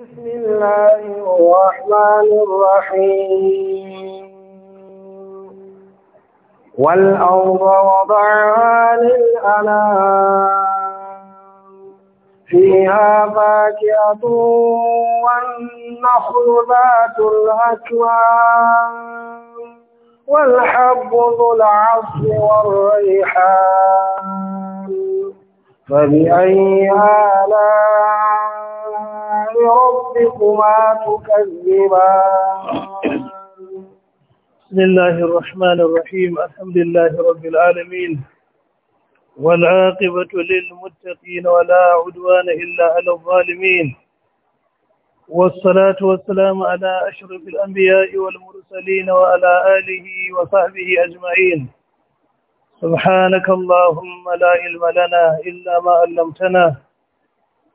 بسم الله الرحمن الرحيم والأرض وضعها للأنام فيها فاكهة والنخل ذات الأكوان والحب ذو العصف والريحان فبأي آلام ربكما تكذبان بسم الله الرحمن الرحيم الحمد لله رب العالمين والعاقبة للمتقين ولا عدوان إلا على الظالمين والصلاة والسلام على أشرف الأنبياء والمرسلين وعلى آله وصحبه أجمعين سبحانك اللهم لا علم لنا إلا ما علمتنا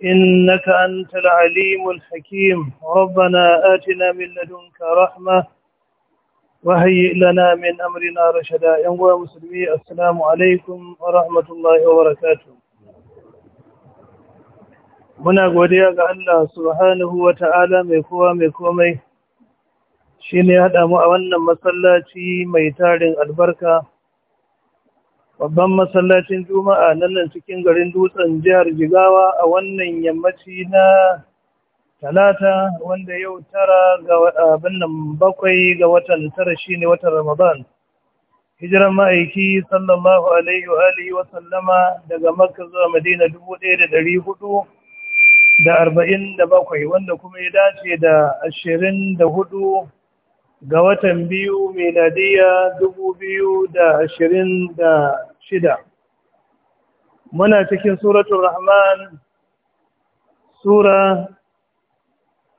إنك أنت العليم الحكيم ربنا آتنا من لدنك رحمة وهيئ لنا من أمرنا رشدا ينقوى مسلمي السلام عليكم ورحمة الله وبركاته muna godiya ga Allah subhanahu wa ta'ala mai kowa mai komai shi ne haɗa mu a wannan masallaci mai tarin albarka babban masallacin juma'a na nan cikin garin dutsen jihar jigawa a wannan yammaci na talata wanda yau tara ga abin nan bakwai ga watan tara shi ne watan ramadan hijiran ma'aiki sallallahu alaihi wa alihi wa sallama daga makka zuwa madina dubu ɗaya da ɗari hudu da arba'in da bakwai wanda kuma ya dace da ashirin da hudu ga watan biyu meladiya dubu biyu da ashirin da shida muna cikin suratul rahman sura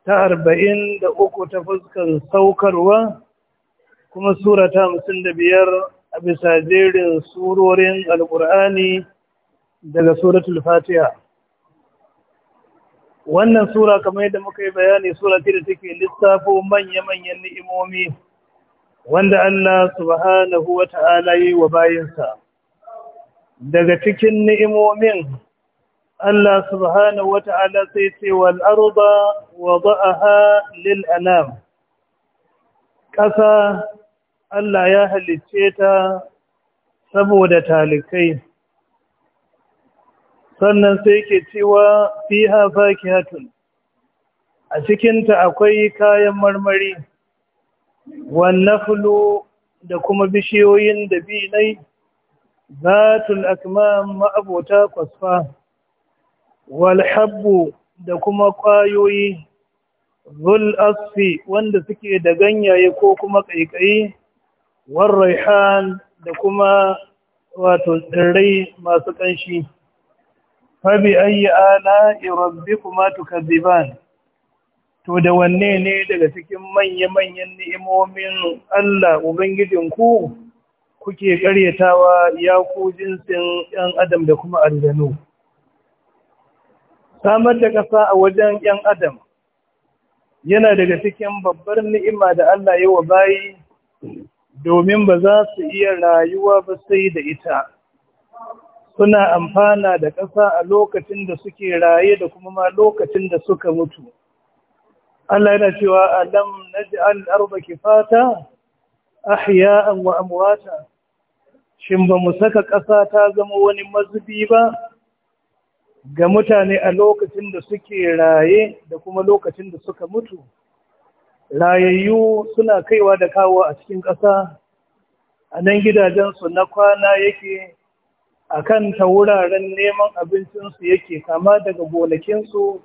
ta arba'in da uku ta fuskar saukarwa kuma sura ta hamsin da biyar a bisa jerin surorin alkur'ani daga suratul fatiha wannan sura kamar yadda muka yi bayani sura ce da take lissafo manya-manyan ni'imomi wanda Allah subhanahu wa ta'ala yi wa bayinsa daga cikin ni'imomin Allah subhanahu Wata'ala ta'ala sai ce wal arda wada'aha lil anam ƙasa Allah ya halicce ta saboda talikai sannan sai ke cewa fiha fakihatun a cikinta akwai kayan marmari wannaflu da kuma bishiyoyin da binai zatul akmam ma'abota kwasfa walhabbu da kuma ƙwayoyi zul asfi wanda suke da ganyaye ko kuma ƙaiƙayi warraihan da kuma wato tsirrai masu ƙanshi fabi ayi ala irabbi kuma to da wanne ne daga cikin manya-manyan ni'imomin Allah ku? kuke karyatawa ya ku jinsin ‘yan adam da kuma aljanu. Samar da ƙasa a wajen ‘yan adam yana daga cikin babbar ni'ima da Allah yi wa bayi domin ba za su iya rayuwa ba sai da ita. suna amfana da ƙasa a lokacin da suke raye da kuma ma lokacin da suka mutu. Allah yana cewa alam naj'al arda kifata ahya'an wa amwata shin ba mu saka ƙasa ta zama wani mazubi ba ga mutane a lokacin da suke raye da kuma lokacin da suka mutu rayayyu suna kaiwa da kawo a cikin ƙasa a nan gidajensu na kwana yake a kan ta wuraren neman abincinsu yake kama daga gonakinsu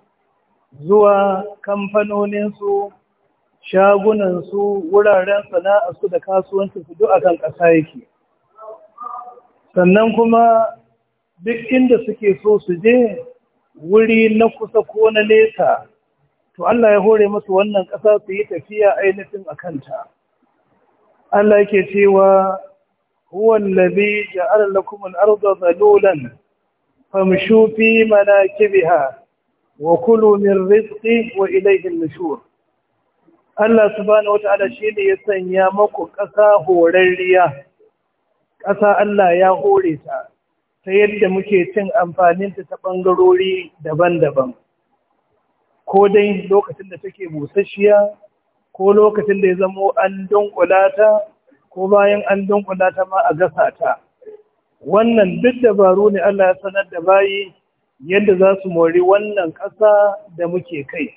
zuwa kamfanoninsu shagunansu wuraren sana'arsu da kasuwancinsu duk akan ƙasa yake sannan kuma duk inda suke so su je wuri na kusa ko na nesa to Allah ya hore masu wannan ƙasa su yi tafiya ainihin a kanta Allah yake cewa huwa allazi ja'ala lakum al-ardha dhalulan famshu fi manakibiha wa kulu min rizqi wa ilayhi an-nushur Allah subhanahu shi ne ya sanya maku ƙasa horarriya ƙasa Allah ya hore ta ta yadda muke cin amfaninta ta ɓangarori daban-daban ko dai lokacin da take busasshiya ko lokacin da ya zamo an dunkula ta ko bayan an dunkula ta ma a gasa ta wannan duk dabaru ne Allah ya sanar da bayi yadda za su mori wannan ƙasa da muke kai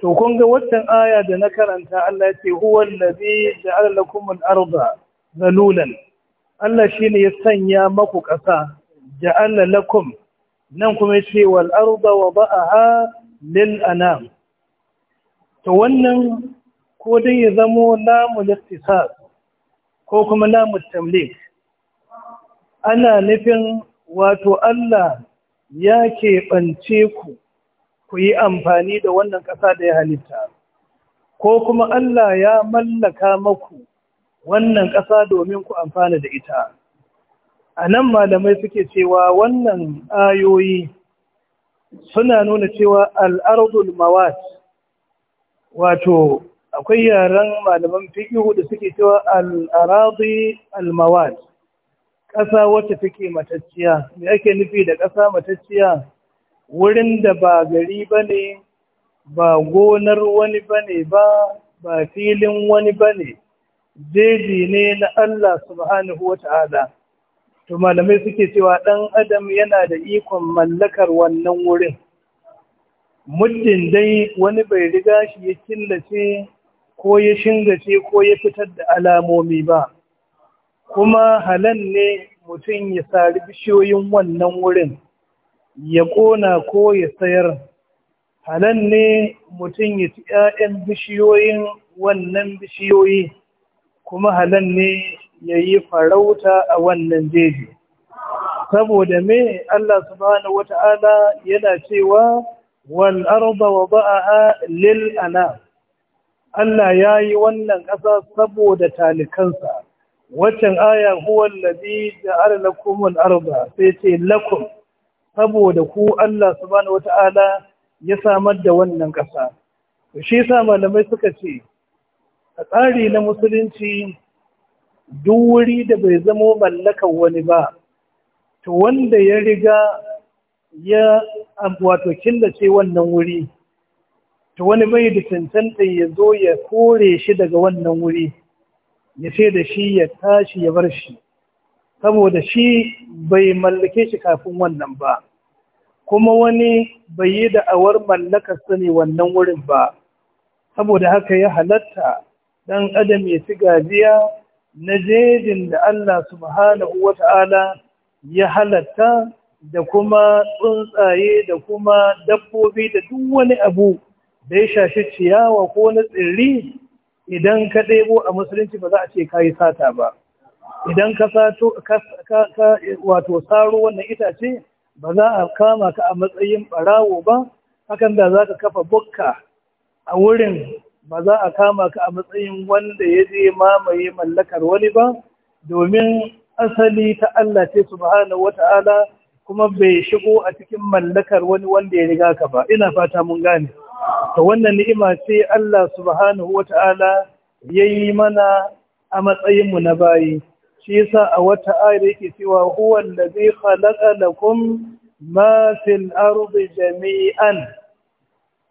to kun ga watan aya da na karanta Allah ya ce huwan allazi da lakum al-arda zalulan Allah shi ne ya sanya maku ƙasa, ja'alla lakum, nan kuma ce wal arda wa ba'aha lil anam. To wannan ko dai ya zamo lamu listisas ko kuma lamu tamlik. Ana nufin wato Allah ya keɓance ku, ku yi amfani da wannan ƙasa da ya halitta, ko kuma Allah ya mallaka maku. wannan ƙasa domin ku amfana da ita a nan malamai suke cewa wannan ayoyi suna nuna cewa al'arzul mawat wato akwai yaren malaman fikihu da suke cewa al'arazi al-mawat ƙasa wacce take matacciya me ake nufi da ƙasa matacciya wurin da ba gari ba ne ba gonar wani ba ne ba ba filin wani ba ne jeji ne na Allah subhanahu wa ta'ala to malamai suke cewa ɗan adam yana da ikon mallakar wannan wurin muddin dai wani bai riga shi ya killace ko ya shingace ko ya fitar da alamomi ba kuma halan ne mutum ya sari bishiyoyin wannan wurin ya ƙona ko ya sayar halan ne mutum ya ci 'ya'yan bishiyoyin wannan bishiyoyi kuma halan ne ya yi farauta a wannan jeji saboda me Allah subhanahu wata'ala yana cewa wal arda wada'aha lil ana Allah ya yi wannan ƙasa saboda talikansa waccan aya huwa da ja'ala kuma al sai ce lakum saboda ku Allah subhanahu wata'ala ya samar da wannan ƙasa shi sa malamai suka ce a tsari na musulunci duk wuri da bai zamo mallakar wani ba to wanda ya riga ya wato killace wannan wuri to wani bai da cancanta ya zo ya kore shi daga wannan wuri ya ce da shi ya tashi ya bar shi saboda shi bai mallake shi kafin wannan ba kuma wani bai yi da'awar mallakar sani wannan wurin ba saboda haka ya halatta dan adam ya ci gajiya na jejin da Allah subhanahu Ta'ala ya halatta da kuma tsuntsaye da kuma dabbobi da duk wani abu da ya shashi ciyawa ko na tsirri idan ka ɗebo a musulunci ba za a ce ka yi sata ba idan ka sato wato saro wannan itace ba za a kama ka a matsayin ɓarawo ba hakan da za ka kafa bukka a wurin ba za a kama ka a matsayin wanda ya je mamaye mallakar wani ba domin asali ta Allah ce subhanahu wata'ala kuma bai shigo a cikin mallakar wani wanda ya riga ka ba ina fata mun gane to wannan ni'ima ce Allah subhanahu wata'ala yayi mana a matsayin mu na bayi shi yasa a wata ayar yake cewa huwa allazi khalaqa lakum ma fil ardi jami'an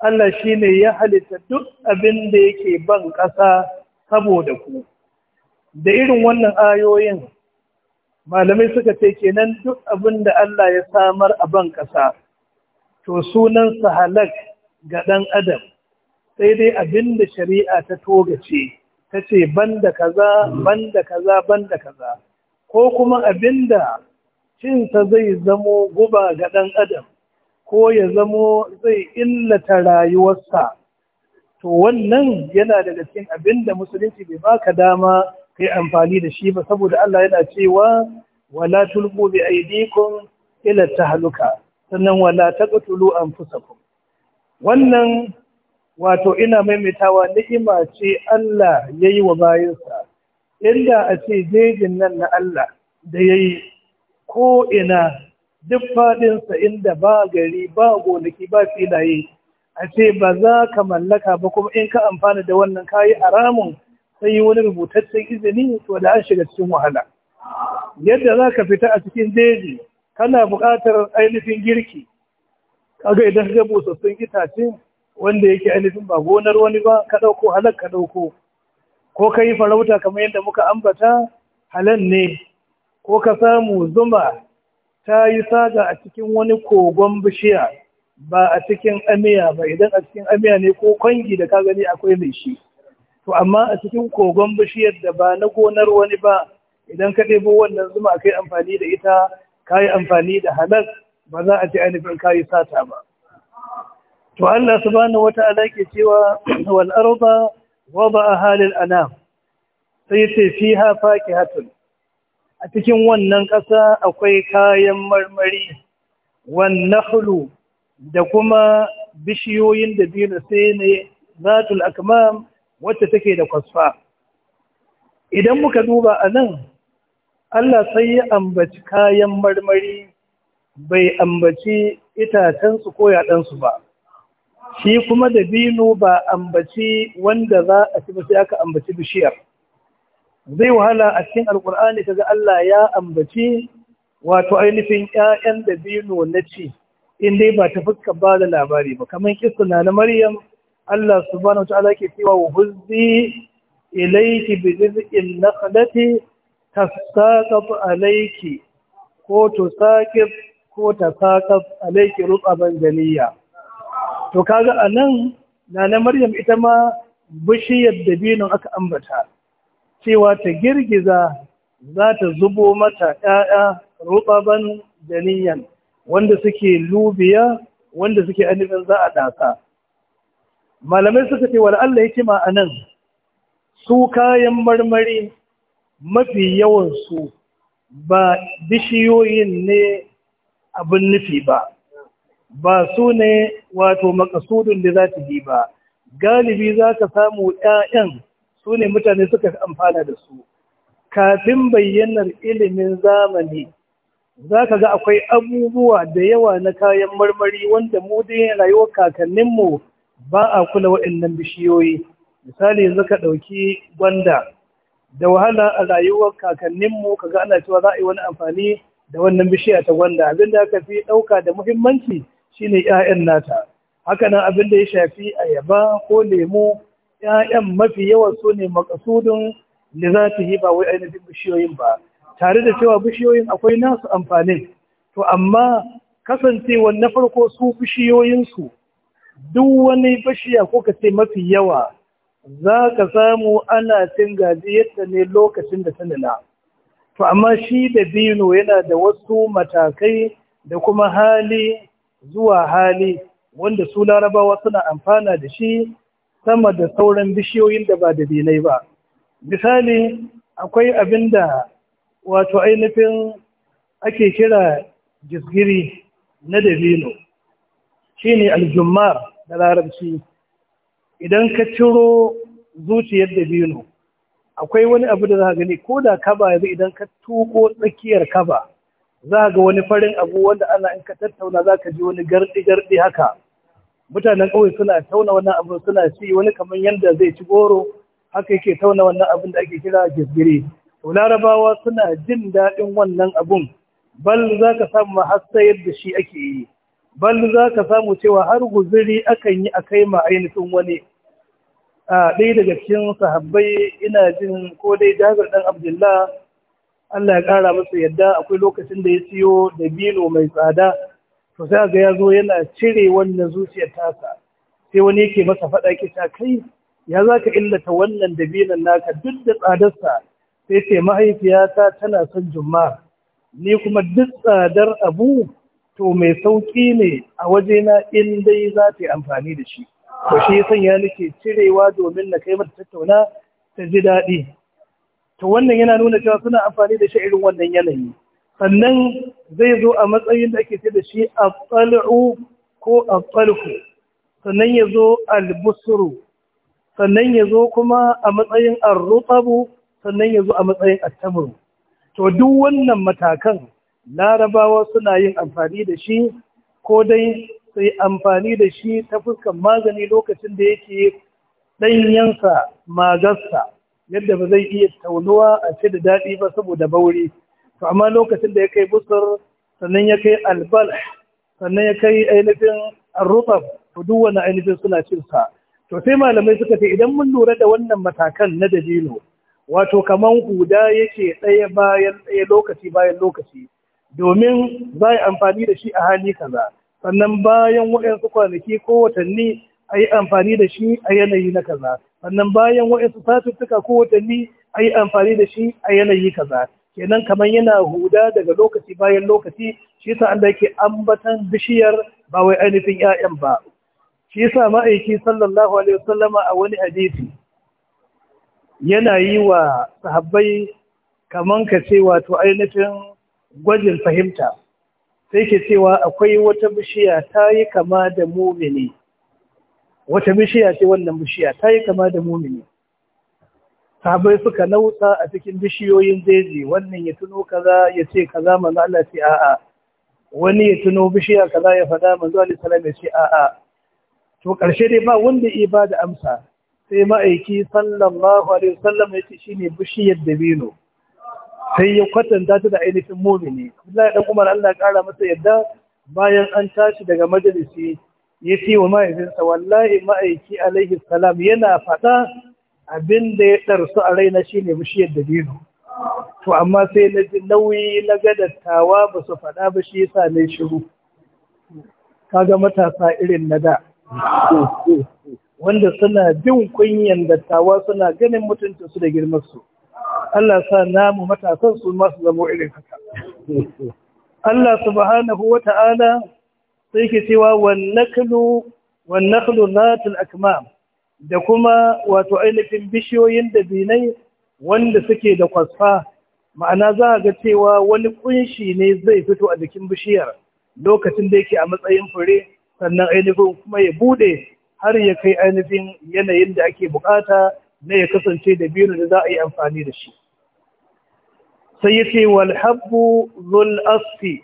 Allah shi ne ya halitta duk abin da yake ban ƙasa saboda ku. Da irin wannan ayoyin, malamai suka ce kenan duk abin da Allah ya samar a ban ƙasa, to sunansa halak ga ɗan adam, sai dai abin da shari'a ta togace, ta ce ban da kaza, ban da kaza, ban da kaza, ko kuma abin da cinsa zai zamo guba ga ɗan adam. ko ya zamo zai illata rayuwarsa to wannan yana daga cikin abin da musulunci bai baka dama ka yi amfani da shi ba saboda Allah yana cewa wala tulqu bi aidikum ila tahluka sannan wala taqtulu anfusakum wannan wato ina maimaitawa ni'ima ce Allah yayi wa bayinsa inda a ce jejin nan na Allah da yayi ko ina duk faɗinsa inda ba gari ba gonaki ba filaye a ce ba za ka mallaka ba kuma in ka amfana da wannan kayi a ramun sai yi wani rubutaccen izini to da an shiga cikin wahala yadda za ka fita a cikin jeji kana buƙatar ainihin girki kaga idan ka ga busassun itace wanda yake ainihin ba gonar wani ba ka ɗauko halak ka ɗauko ko ka yi farauta kamar yadda muka ambata halal ne ko ka samu zuma ta yi saga a cikin wani kogon bishiya ba a cikin amiya ba idan a cikin amiya ne ko kwangi da ka gani akwai mai shi to amma a cikin kogon bishiyar da ba na gonar wani ba idan ka ɗebo wannan zuma kai amfani da ita ka yi amfani da halal ba za a ce ainihin ka yi sata ba to Allah subhanahu wata ke cewa wal arda a halil anam sai ce fiha faqihatun a cikin wannan ƙasa akwai kayan marmari hulu da kuma bishiyoyin da biyu sai ne zatul akmam wacce take da kwasfa idan muka duba a nan Allah sai ya ambaci kayan marmari bai ambaci itacensu ko yaɗansu ba shi kuma da binu ba ambaci wanda za a ci ba sai aka ambaci bishiyar zai wahala a cikin alkur'ani kaga Allah ya ambaci wato ainihin ƴaƴan da bino na ci in dai ba ta fuska ba da labari ba kamar kissa na Maryam Allah subhanahu wa ta'ala ke cewa huzzi ilayki bi rizqin nakhlati tasaqat alayki ko tusaqit ko tasaqat alayki rutaban janiya to kaga anan na Maryam ita ma bishiyar dabinon aka ambata cewa ta girgiza za ta zubo mata ‘ya'ya rubaban janiyan wanda suke lubiya wanda suke alifin za a ɗasa. Malamai suka ce Allah ya hikima a nan, su kayan marmari mafi yawansu ba bishiyoyin ne abin nufi ba, ba su ne wato makasudin da za ta yi ba, galibi za ka samu ‘ya'yan su ne mutane suka fi amfana da su kafin bayyanar ilimin zamani za ka ga akwai abubuwa da yawa na kayan marmari wanda mu dai rayuwar kakanninmu ba a kula waɗannan bishiyoyi misali yanzu ka ɗauki gwanda da wahala a rayuwar kakanninmu kaga ana cewa za a yi wani amfani da wannan bishiya ta gwanda abin da aka fi ɗauka da muhimmanci shine 'ya'yan nata Haka nan, abin da ya shafi ayaba ko lemu. ‘ya'yan mafi yawan su ne makasudin da za ta yi ba wai ainihin bishiyoyin ba tare da cewa bishiyoyin akwai nasu amfanin to amma kasancewa na farko su bishiyoyinsu duk wani bishiya ko ka ce mafi yawa za ka samu ana cin gaji yadda ne lokacin da ta nuna to amma shi da bino yana da wasu matakai da kuma hali zuwa hali wanda su larabawa suna amfana da shi sama da sauran bishiyoyin da ba da bilai ba misali akwai abin da wato ainihin ake kira jisgiri na dabino shi ne aljummar da larabci idan ka ciro zuciyar dabino akwai wani abu da za gani ko da kaba yanzu idan ka tuko tsakiyar kaba za ga wani farin abu wanda ana in ka tattauna za ka ji wani garɗi-garɗi haka mutanen ƙauye suna tauna wannan abin suna ci wani kamar yadda zai ci goro haka yake tauna wannan abin da ake kira gisgiri to larabawa suna jin daɗin wannan abun bal za ka samu har da shi ake yi bal za ka samu cewa har guziri akan yi a kai ma ainihin wani a ɗaya daga cikin sahabbai ina jin ko dai jabir ɗan abdullah Allah ya ƙara masa yadda akwai lokacin da ya siyo dabino mai tsada to sai ga ya zo yana cire wannan zuciyar tasa sai wani yake masa fada kisa kai ya zaka illata wannan dabinan naka duk da tsadarsa sai sai mahaifiyata tana son jumma ni kuma duk tsadar abu to mai sauki ne a waje na in dai za ta yi amfani da shi to shi sanya nake cirewa domin na kai mata tattauna ta ji daɗi to wannan yana nuna cewa suna amfani da shi irin wannan yanayi sannan zai zo a matsayin da ake ce da shi a tsal'u ko a tsalku sannan ya zo albusuru sannan ya zo kuma a matsayin arrutsabu sannan ya zo a matsayin attamuru to duk wannan matakan larabawa suna yin amfani da shi ko dai sai amfani da shi ta fuskan magani lokacin da yake ɗanyensa magarsa yadda ba zai iya taunuwa a ce da daɗi ba saboda bauri to amma lokacin da ya kai busur sannan ya kai albal sannan ya kai ainihin arrutab to duk wani ainihin suna cin sa to sai malamai suka ce idan mun lura da wannan matakan na dabino wato kaman huda yake ɗaya bayan ɗaya lokaci bayan lokaci domin za a amfani da shi a hali kaza sannan bayan waɗansu kwanaki ko watanni a yi amfani da shi a yanayi na kaza sannan bayan waɗansu satuttuka ko watanni a yi amfani da shi a yanayi kaza kenan kamar yana huda daga lokaci bayan lokaci shi yasa Allah yake ambatan bishiyar ba wai ainihin 'ya'yan ba shi yasa ma'aiki sallallahu alaihi wasallama a wani hadisi yana yi wa sahabbai kaman ka ce wato ainihin gwajin fahimta sai ke cewa akwai wata bishiya ta yi kama da mumini wata bishiya ce wannan bishiya ta yi kama da mumini sabai suka nautsa a cikin bishiyoyin jeji wannan ya tuno kaza ya ce kaza manzo Allah ce a'a wani ya tuno bishiya kaza ya fada manzo Allah sallallahu alaihi ce a'a to karshe dai ba wanda ya ba da amsa sai ma'aiki sallallahu alaihi wasallam ya ce shine bishiyar dabino sai ya kwatanta ta da ainihin mumini ya dan Umar Allah kara masa yadda bayan an tashi daga majalisi ya ce wa ma'aikinsa wallahi ma'aiki alaihi salam yana faɗa. abin da ya ɗarsu a raina shi ne bishiyar dino to amma sai na ji nauyi na ga dattawa ba su faɗa ba shi yasa na shiru Ka ga matasa irin na da wanda suna bin kunyan dattawa suna ganin mutunta su da girman su Allah sa namu matasan su masu zamo irin haka Allah subhanahu wa ta'ala sai ke cewa wannan naklu wan naklu zatul da kuma wato ainihin bishiyoyin da binai wanda suke da kwasfa ma'ana za a ga cewa wani kunshi ne zai fito a jikin bishiyar lokacin da yake a matsayin fure sannan ainihin kuma ya bude har ya kai ainihin yanayin da ake bukata na ya kasance da biyu da za a yi amfani da shi sai ya ce walhabbu zul asfi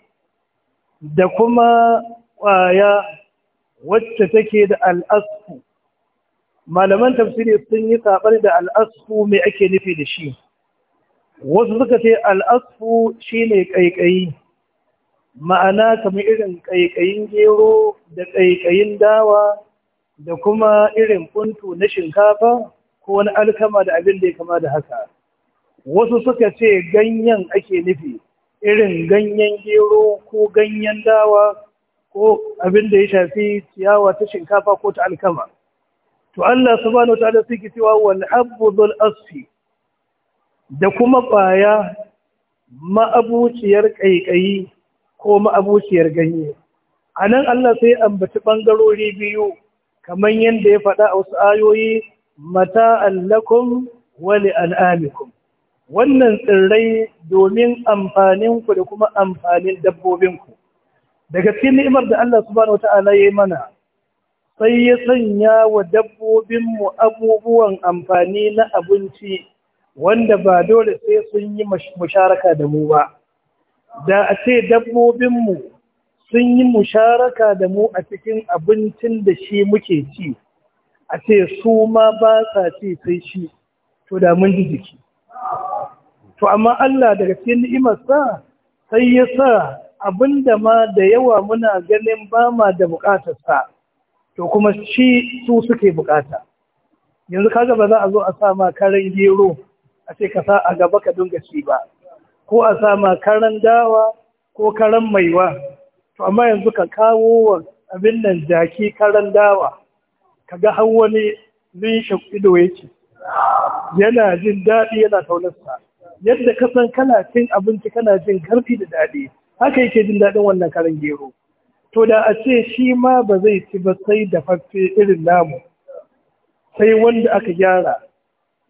da kuma kwaya wacce take da al'asfu malaman tafsiri sun yi saɓar da al'asfu mai ake nufi da shi wasu suka ce al'asfu shi ne ƙaiƙayi ma'ana kamar irin ƙaiƙayin gero da ƙaiƙayin dawa da kuma irin kuntu na shinkafa ko wani alkama da abin da ya kama da haka wasu suka ce ganyen ake nufi irin ganyen gero ko ganyen dawa ko abin da ya shafi ciyawa ta shinkafa ko ta alkama to Allah subhanahu wataala sai ke cewa wal habdhul asfi da kuma ƙwaya ma'abuciyar ƙaiƙayi ko ma'abuciyar ganye a nan Allah sai ambaci bangarori biyu kamar yadda ya faɗa a wasu ayoyi mata allakum wani al'amikum wannan tsirrai domin amfaninku da kuma amfanin dabbobinku daga cikin ni'imar da Allah subhanahu wata'ala ya mana sai ya sanya wa dabbobinmu abubuwan amfani na abinci wanda ba dole sai sun yi musharaka da mu ba da a ce dabbobinmu sun yi musharaka da mu a cikin abincin da shi muke ci a ce su ma ba sa ce sai shi to da mun ji jiki to amma Allah daga cikin ni'imarsa sai ya sa abinda ma da yawa muna ganin ba ma da bukatarsa to kuma shi su suke bukata yanzu kaga ba za a zo a sa ma karan gero a ce ka sa a gaba ka dinga ci ba ko a sa ma karan dawa ko karan maiwa to amma yanzu ka kawo wa abin nan jaki karan dawa ka ga har wani zin ido yake yana jin daɗi yana taunarsa yadda ka san kana cin abinci kana jin karfi da daɗi haka yake jin daɗin wannan karan gero to da a ce shi ma ba zai ci ba sai da fafe irin namu sai wanda aka gyara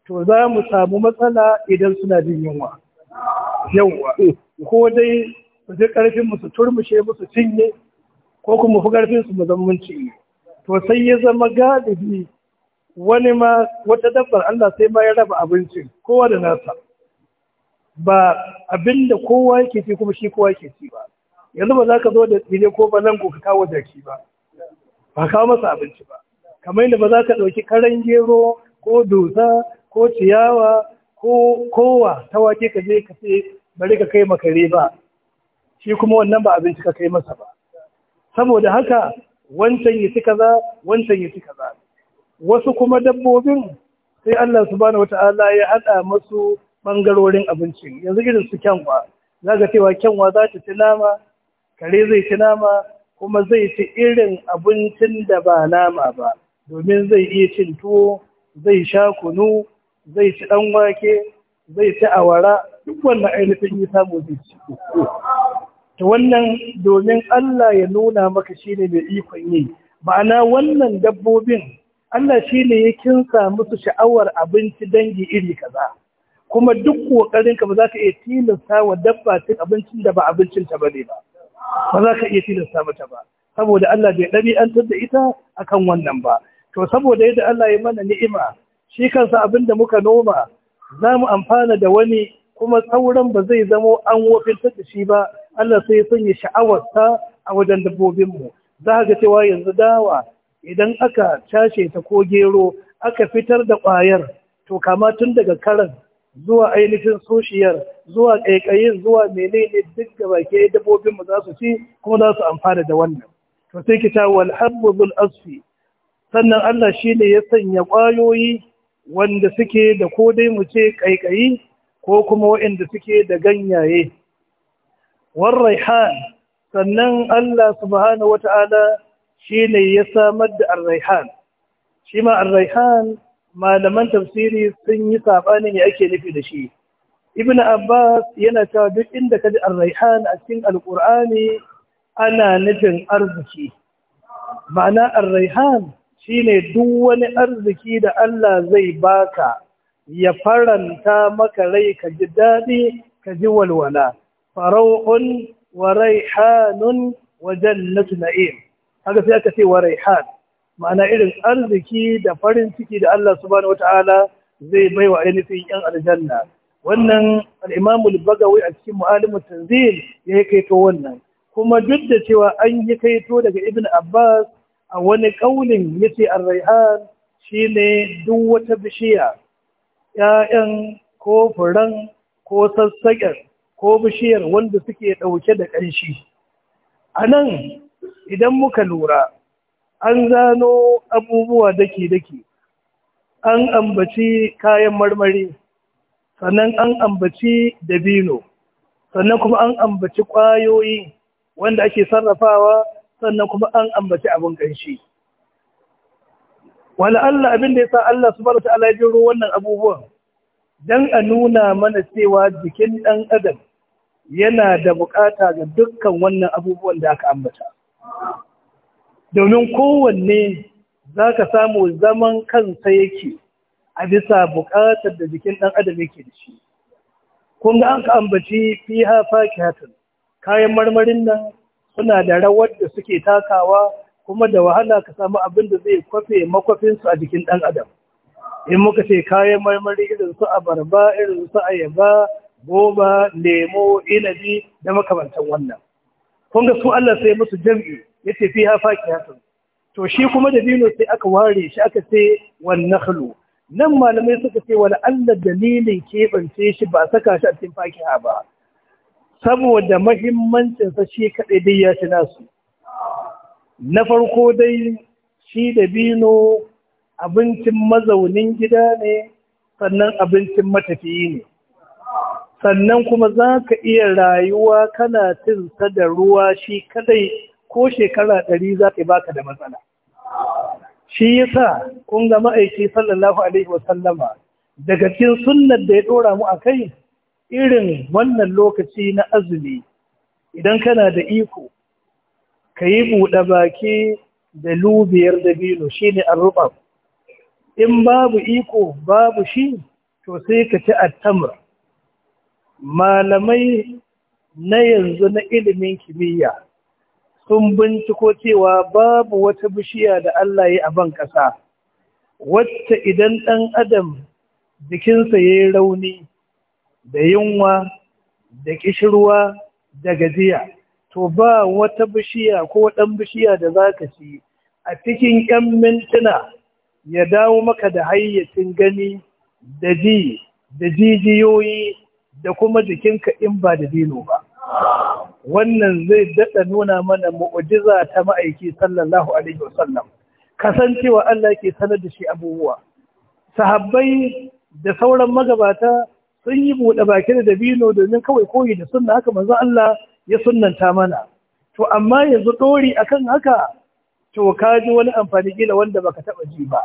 to za mu samu matsala idan suna jin yunwa yauwa ko dai su ji karfin musu su turmushe musu cinye ko kuma fi karfin su mu zama cinye to sai ya zama galibi wani ma wata dabbar Allah sai ma ya raba abincin kowa da nasa ba abinda kowa yake ci kuma shi kowa yake ci ba yanzu ba za ka zo da tsire ko balango ka kawo jaki ba ba kawo masa abinci ba kamar yadda ba za ka ɗauki karen gero ko dusa ko ciyawa ko kowa ta wake ka je ka ce bari ka kai makare ba shi kuma wannan ba abinci ka kai masa ba saboda haka wancan ya ci kaza wancan ya kaza wasu kuma dabbobin sai Allah subhanahu wata'ala ya haɗa masu ɓangarorin abincin yanzu irin su kyanwa za ka cewa kyanwa za ta ci nama kare zai ci nama kuma zai ci irin abincin da ba nama ba domin zai iya cin tuwo zai sha kunu zai ci ɗan wake zai ci awara duk wannan ainihin yi samu zai ci ta wannan domin Allah ya nuna maka shi ne mai ikon yi ma'ana wannan dabbobin Allah shi ne ya kinsa musu sha'awar abinci dangi iri kaza kuma duk ka ba za ka iya tilasta wa dabba cin abincin da ba abincinta ba ne ba ba za ka iya tilasta mata ba saboda Allah bai ɗabi'antar da ita akan wannan ba to saboda yadda Allah ya mana ni'ima shi kansa abin da muka noma za mu amfana da wani kuma sauran ba zai zamo an wofintar da shi ba Allah sai ya sanya sha'awarsa a wajen dabbobinmu za ga cewa yanzu dawa idan aka cashe ta ko gero aka fitar da ƙwayar to kama tun daga karan zuwa ainihin soshiyar zuwa ƙaiƙayin zuwa menene duk da baki dabobin mu za su ci kuma za su amfana da wannan to sai ki ta wal asfi sannan Allah shine ya sanya ƙwayoyi wanda suke da ko dai mu ce ƙaiƙayi ko kuma waɗanda suke da ganyaye war raihan sannan Allah subhanahu wata'ala shine ya samar da ar-raihan shi ma ar-raihan malaman tafsiri sun yi saɓani ne ake nufi da shi ibn abbas yana cewa duk inda ka ji arraihan a cikin alqur'ani ana nufin arziki ma'ana arraihan shine duk wani arziki da Allah zai baka ya faranta maka rai ka ji daɗi ka ji walwala farau'un wa raihanun wa jannatu na'im haka sai aka ce wa raihan ma'ana irin arziki da farin ciki da Allah subhanahu wata'ala zai bai wa ainihin yan aljanna wannan al bagawai a cikin mu'alimu tanzil ya yi kaito wannan kuma duk da cewa an yi kaito daga ibn abbas a wani kaulin yace ar-raihan shine duk wata bishiya 'ya'yan, ko furan ko sassaƙar ko bishiyar wanda suke ɗauke da ƙanshi a nan idan muka lura an gano abubuwa daki-daki an ambaci kayan marmari sannan an ambaci dabino sannan kuma an ambaci ƙwayoyi wanda ake sarrafawa sannan kuma an ambaci abin ƙanshi wani Allah abin da ya sa Allah su bar ta'ala ya jiro wannan abubuwan don a nuna mana cewa jikin ɗan adam yana da bukata ga dukkan wannan abubuwan da aka ambata domin kowanne za ka samu zaman kansa yake a bisa buƙatar da jikin ɗan adam yake da shi kun ga an ka ambaci fiha fakihatun kayan marmarin nan suna da rawar da suke takawa kuma da wahala ka samu abin da zai kwafe makwafinsu a jikin ɗan adam in muka ce kayan marmari irin su abarba irin su ayaba goma lemo inabi da makamantan wannan kun ga su Allah sai musu jam'i yace fi ha faqiyatun to shi kuma dabino sai aka ware shi aka ce wan nakhlu nan malamai suka ce wala Allah dalilin keɓance shi ba saka shi a cikin fakiha ba saboda muhimmancin sa shi kadai dai ya ci nasu na farko dai shi dabino abincin mazaunin gida ne sannan abincin matafiyi ne sannan kuma za ka iya rayuwa kana cin sa da ruwa shi kadai ko shekara ɗari za ta baka da matsala shi sa kun ga ma'aiki sallallahu alaihi wasallama daga cikin sunan da ya ɗora mu a kai irin wannan lokaci na azumi idan kana da iko ka yi buɗe baki da lubiyar dabino shi ne an arruɓa in babu iko babu shi to sai ka ci attamar. malamai na yanzu na ilimin kimiyya sun binciko cewa babu wata bishiya da Allah ya ban ƙasa wacce idan ɗan adam jikinsa ya yi rauni da yunwa da ƙishirwa da gajiya to ba wata bishiya ko ɗan bishiya da za ka ci a cikin ‘yan mintuna ya dawo maka da hayyacin gani da ji da jijiyoyi da kuma jikinka in ba da dino ba wannan zai daɗa nuna mana mu'ujiza ta ma'aiki sallallahu alaihi wasallam kasancewa Allah ke sanar da shi abubuwa sahabbai da sauran magabata sun yi buɗe bakin da dabino domin kawai koyi da sunna haka manzo Allah ya sunnanta mana to amma yanzu dori akan haka to ka ji wani amfani gila wanda baka taba ji ba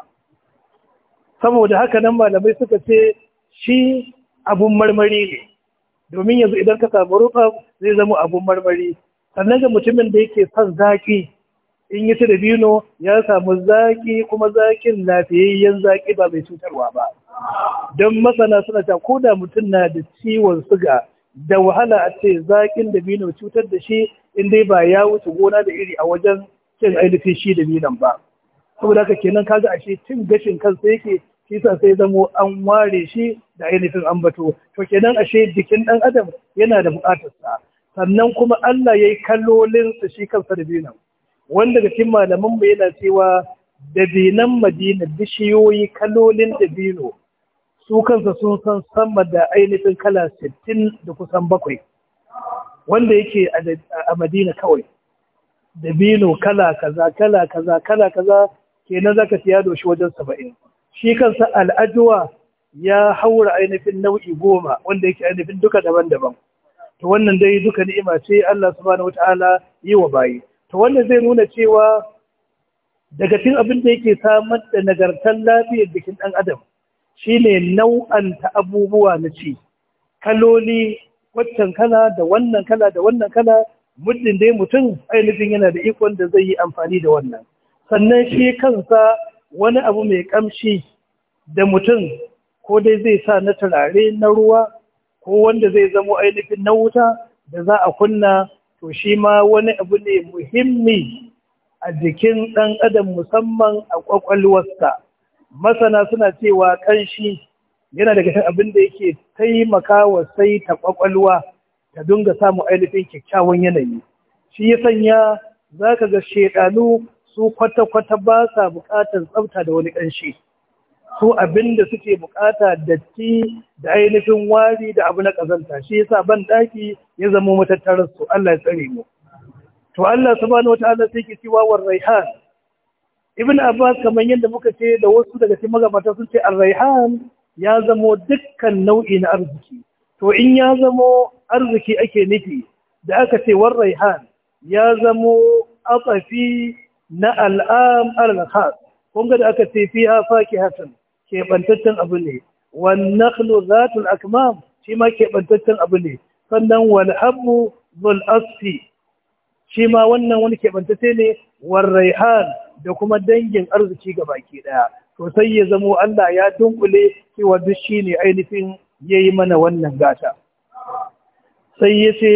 saboda haka nan malamai suka ce shi abun marmari ne domin yanzu idan ka samu rufa zai zama abun marmari sannan ga mutumin da yake son zaƙi. in yi da bino ya samu zaƙi kuma zaƙin lafiyayyen zaki ba mai cutarwa ba don masana suna ta ko da mutum na da ciwon suga da wahala a ce zaƙin da bino cutar da shi in dai ba ya wuce gona da iri a wajen cin ainihin shi da binon ba saboda haka kenan kaga ashe cin gashin kansa yake Kisa sai zamo an ware shi da ainihin ambato to kenan ashe jikin ɗan adam yana da bukatar sa, sannan kuma Allah ya yi kallolinsa shi kansa da binan wanda daga cikin malaman mu yana cewa dabinan madina bishiyoyi kalolin dabino su kansa sun san sama da ainihin kala 60 da kusan bakwai wanda yake a madina kawai dabino kala kaza kala kaza kala kaza kenan zaka siya doshi wajen saba'in shi kansa al'ajuwa ya haura ainihin nau'i goma wanda yake ainihin duka daban-daban to wannan dai duka ni'ima ce Allah subhanahu wataala yi wa bayi to wannan zai nuna cewa daga cikin abin da yake samar da nagartar lafiyar jikin ɗan adam shine nau'anta abubuwa na ci kaloli waccan kala da wannan kala da wannan kala muddin dai mutum ainihin yana da ikon da zai yi amfani da wannan sannan shi kansa wani abu mai kamshi da mutum ko dai zai sa na turare na ruwa ko wanda zai zamo ainihin na wuta da za a kunna to shi ma wani abu ne muhimmi a jikin ɗan adam musamman a ƙwaƙwalwarsa masana suna cewa ƙanshi yana daga cikin abin da yake taimaka wa sai ta ƙwaƙwalwa ta dinga samun ainihin kyakkyawan yanayi shi ya sanya za ka ga shekaru su kwata-kwata ba sa bukatar tsafta da wani ƙanshi su abin da suke bukata datti da ainihin wari da abu na ƙazanta shi yasa ban ɗaki ya zama matattarar su Allah ya tsare mu to Allah subhanahu wataala sai ke cewa war raihan ibn abbas kamar yadda muka ce da wasu daga cikin magabata sun ce ar-raihan ya zama dukkan nau'i na arziki to in ya zamo arziki ake nufi da aka ce war raihan ya zamo atsafi na al'am al-khas kun ga da aka ce fiha fakihatan kebantaccen abu ne wan nakhlu zatul akmam shi ma kebantaccen abu ne sannan wal Abu zul asfi shi ma wannan wani keɓantacce ne war raihan da kuma dangin arziki ga baki ɗaya to sai ya zamo Allah ya dunkule cewa duk shi ne ainihin ya yi mana wannan gata sai ya ce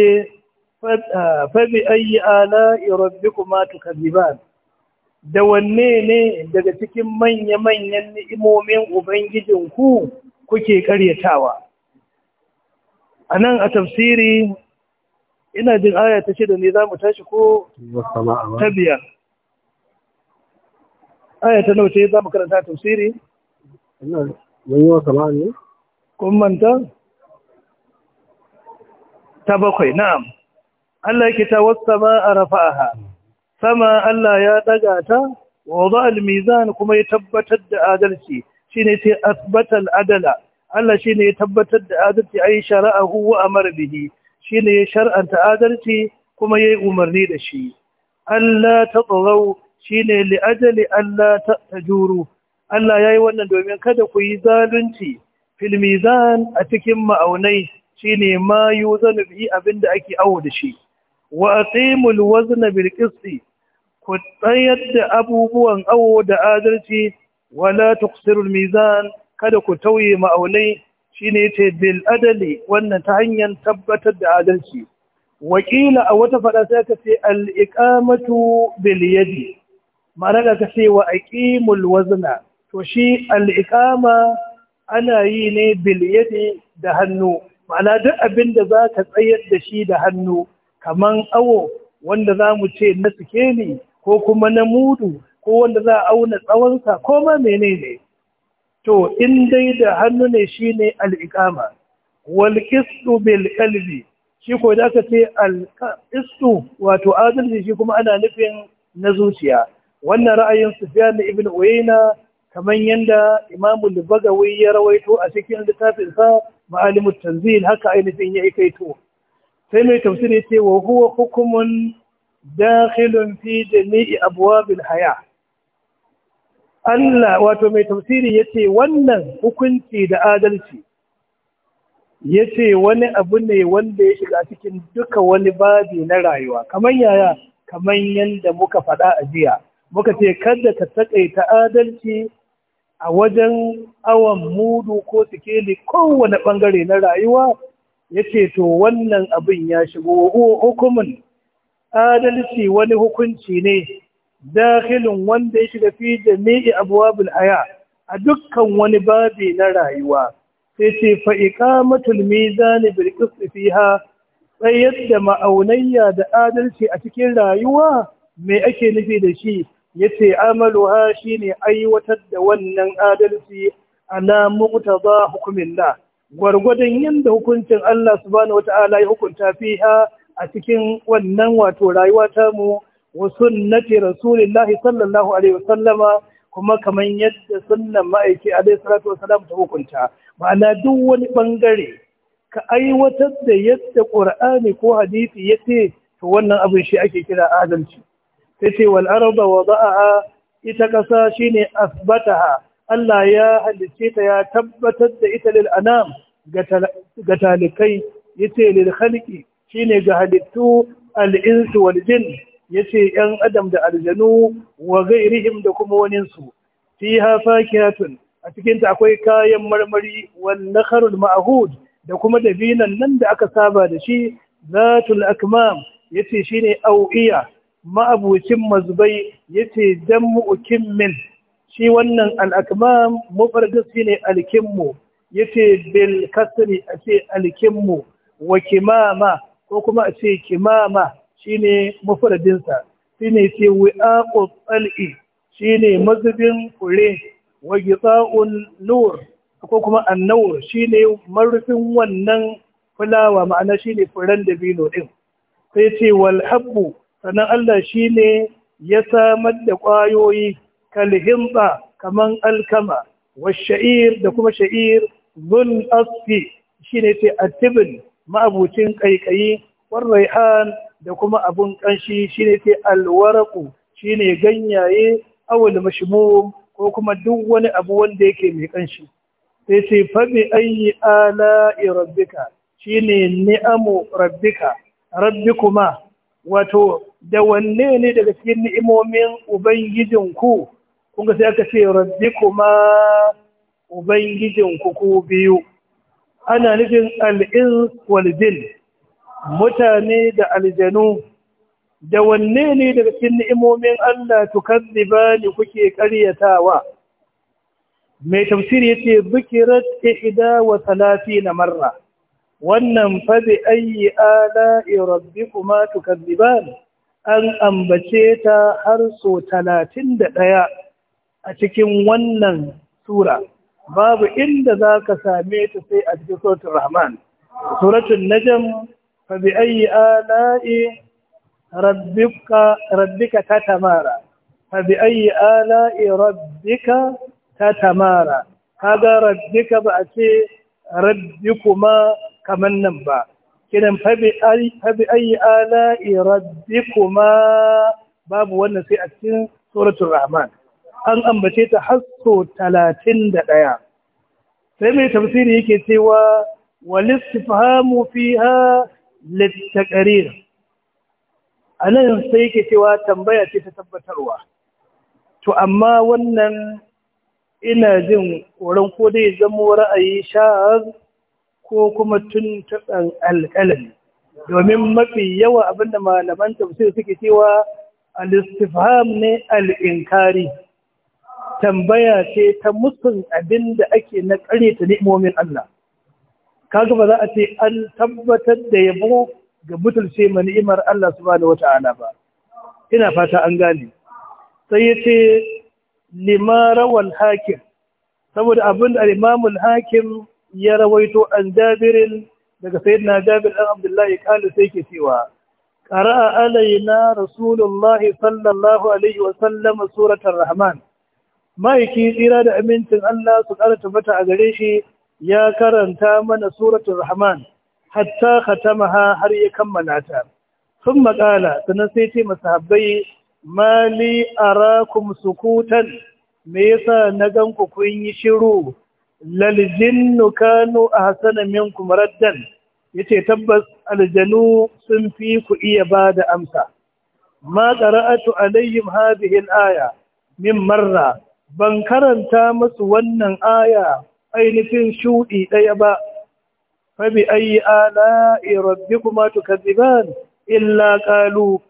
fabi ah, ayi ala rabbi kuma tukaziban da wanne ne daga cikin manya-manyan ni'imomin Ubangijinku kuke karyatawa. A nan a tafsiri, ina jin aya ta shida ne za mu tashi ko ta biya. Aya ta nauce za mu karanta tafsiri? Wani wa ne? Kun manta? Ta bakwai, na'am. Allah ke ta wasu sama a rafa'aha. sama Allah ya daga ta wa al-mizan kuma ya tabbatar da adalci shine sai asbata adala Allah shine ya tabbatar da adalci ai shara'ahu wa amara bihi shine ya shar'anta adalci kuma yayi umarni da shi Allah ta tsarau shine li ajali Allah ta tajuru Allah yayi wannan domin kada ku yi zalunci fil mizan a cikin ma'aunai shine ma yuzanu bi abinda ake awo da shi wa aqimul wazna bil qisti ku tsayar da abubuwan awo da adalci wala tuqsirul mizan kada ku tauye ma'aunai shine yace bil adali wannan ta hanyar tabbatar da adalci wakila a wata fada sai ka ce al iqamatu bil yadi ma'ana da ka ce wa aqimul wazna to shi al iqama ana yi ne bil yadi da hannu ma'ana duk abin da za ka tsayar da shi da hannu kaman awo wanda za mu ce na sikeli ko kuma na mudu ko wanda za a auna tsawonsa ko ma menene to in dai da hannu ne shi ne iqama walƙistu qistu shi ko da ka ce alistu wato adalci shi kuma ana nufin na zuciya wannan ra'ayin na ibn Uyayna kamar yanda imamu al ya rawaito a cikin littafinsa, Ma'alimu Tanzil haka ainihin ya ikaito sai mai tafsiri ce wa huwa hukumun داخل في جميع abwabil haya Allah wato mai tafsiri yace wannan hukunci da adalci yace wani abu ne wanda ya shiga cikin duka wani babi na rayuwa kamar yaya kamar yanda muka faɗa a jiya muka ce kada ka taƙaita adalci a wajen awon mudu ko sikeli kowane ɓangare na rayuwa ya ce to wannan abin ya shigo hukumin adalci wani hukunci ne dakhilun wanda ya shiga fi jami'i abwabul aya a dukkan wani babi na rayuwa sai ce fa iqamatul mizan bil qist fiha tsayar da ma'aunayya da adalci a cikin rayuwa me ake nufi da shi yace amaluha shine aiwatar da wannan adalci ala muqtada da. gwargwadon yadda hukuncin Allah subhanahu wata'ala ya hukunta fiha a cikin wannan wato rayuwa ta mu wa sunnati rasulillahi sallallahu alaihi wasallama kuma kamar yadda sunnan ma'aiki alaihi salatu wasallam ta hukunta ma'ana duk wani bangare ka aiwatar da yadda qur'ani ko hadisi yace to wannan abin shi ake kira adalci sai ce wal arda wada'a ita kasa shine asbataha Allah ya halicce ta ya tabbatar da ita lil anam ga talikai yace lil khaliqi shine ga halittu al'insu wal jin yace yan adam da aljanu wa ghairihim da kuma waninsu fiha fakihatun a cikinta akwai kayan marmari wan nakharul ma'hud da kuma dabinan nan da aka saba da shi zatul akmam yace shine au'iya ma'abucin ce yace muukin kimmin shi wannan al'akmam mafargas shi ne alkinmu ya ce bil kasri a ce alkinmu wa kimama ko kuma a ce kimama shine Shi ne ce wi'aqu tsal'i shine mazubin kure wa gita'un nur ko kuma annawur shine marufin wannan fulawa ma'ana shine furen dabino ɗin. sai ce wal sannan Allah shi ne ya samar da ƙwayoyi kalhimba kaman alkama wa sha'ir da kuma sha'ir zul asfi shine ce atibin ma'abucin ƙaiƙayi war an da kuma abun ƙanshi shine ke alwaraku shine ganyaye awal mashimu ko kuma duk wani abu wanda yake mai ƙanshi sai ce fabi ayi ala rabbika shine ni'amu rabbika kuma, wato da wanne ne daga cikin ni'imomin ubangijinku kun ga sai aka ce rabbikuma ubangijinku ku biyu ana nufin al’in waljin mutane da aljanu da wanne ne daga cikin ni'imomin Allah tukazziba ne kuke karyatawa mai tafsiri yace zikirat ihda wa na marra wannan fa bi ayyi kuma rabbikuma tukazziban an ambace ta har so talatin da ɗaya a cikin wannan tura. babu inda za ka same ta sai a cikin suratul rahman suratul najm fa bi ayi ala'i rabbika rabbika tatamara fa bi ayi ala'i rabbika tatamara kaga rabbika ba a ce rabbikuma kaman nan ba kidan fa bi ayi ala'i rabbikuma babu wannan sai a cikin suratul rahman an ambace ta hasso talatin da ɗaya sai mai tafsiri yake cewa walistifhamu fiha A anan sai yake cewa tambaya ce ta tabbatarwa to amma wannan ina jin koran ko dai zamo ra'ayi sha'ar ko kuma tuntuɓen alƙalami domin mafi yawa abinda malaman tafsir suke cewa al-istifham ne al-inkari tambaya ce ta musun abin da ake na ta ni'imomin Allah kaga ba za a ce an tabbatar da yabo ga mutulce ma ni'imar Allah subhanahu wata'ala ba ina fata an gane sai yace ce Limarawal hakim saboda abin da al-imamul hakim ya rawaito an jabirin daga sayyidina jabir dan abdullahi kana sai ke cewa qara'a alaina rasulullahi sallallahu alaihi wa sallam suratul rahman ma'aiki tsira da amincin Allah su ƙara tabbata a gare shi ya karanta mana suratul rahman hatta khatamaha har ya kammala ta sun maƙala sannan sai ce masahabbai mali arakum sukutan me yasa na gan ku kun yi shiru lal jinnu kanu ahsana minkum raddan yace tabbas aljanu sun fi ku iya ba da amsa ma qara'atu alaihim hadhihi aya min marra ban karanta masu wannan aya ainihin shuɗi ɗaya ba fabi ayi ala irabbi kuma tukaziban illa ƙalu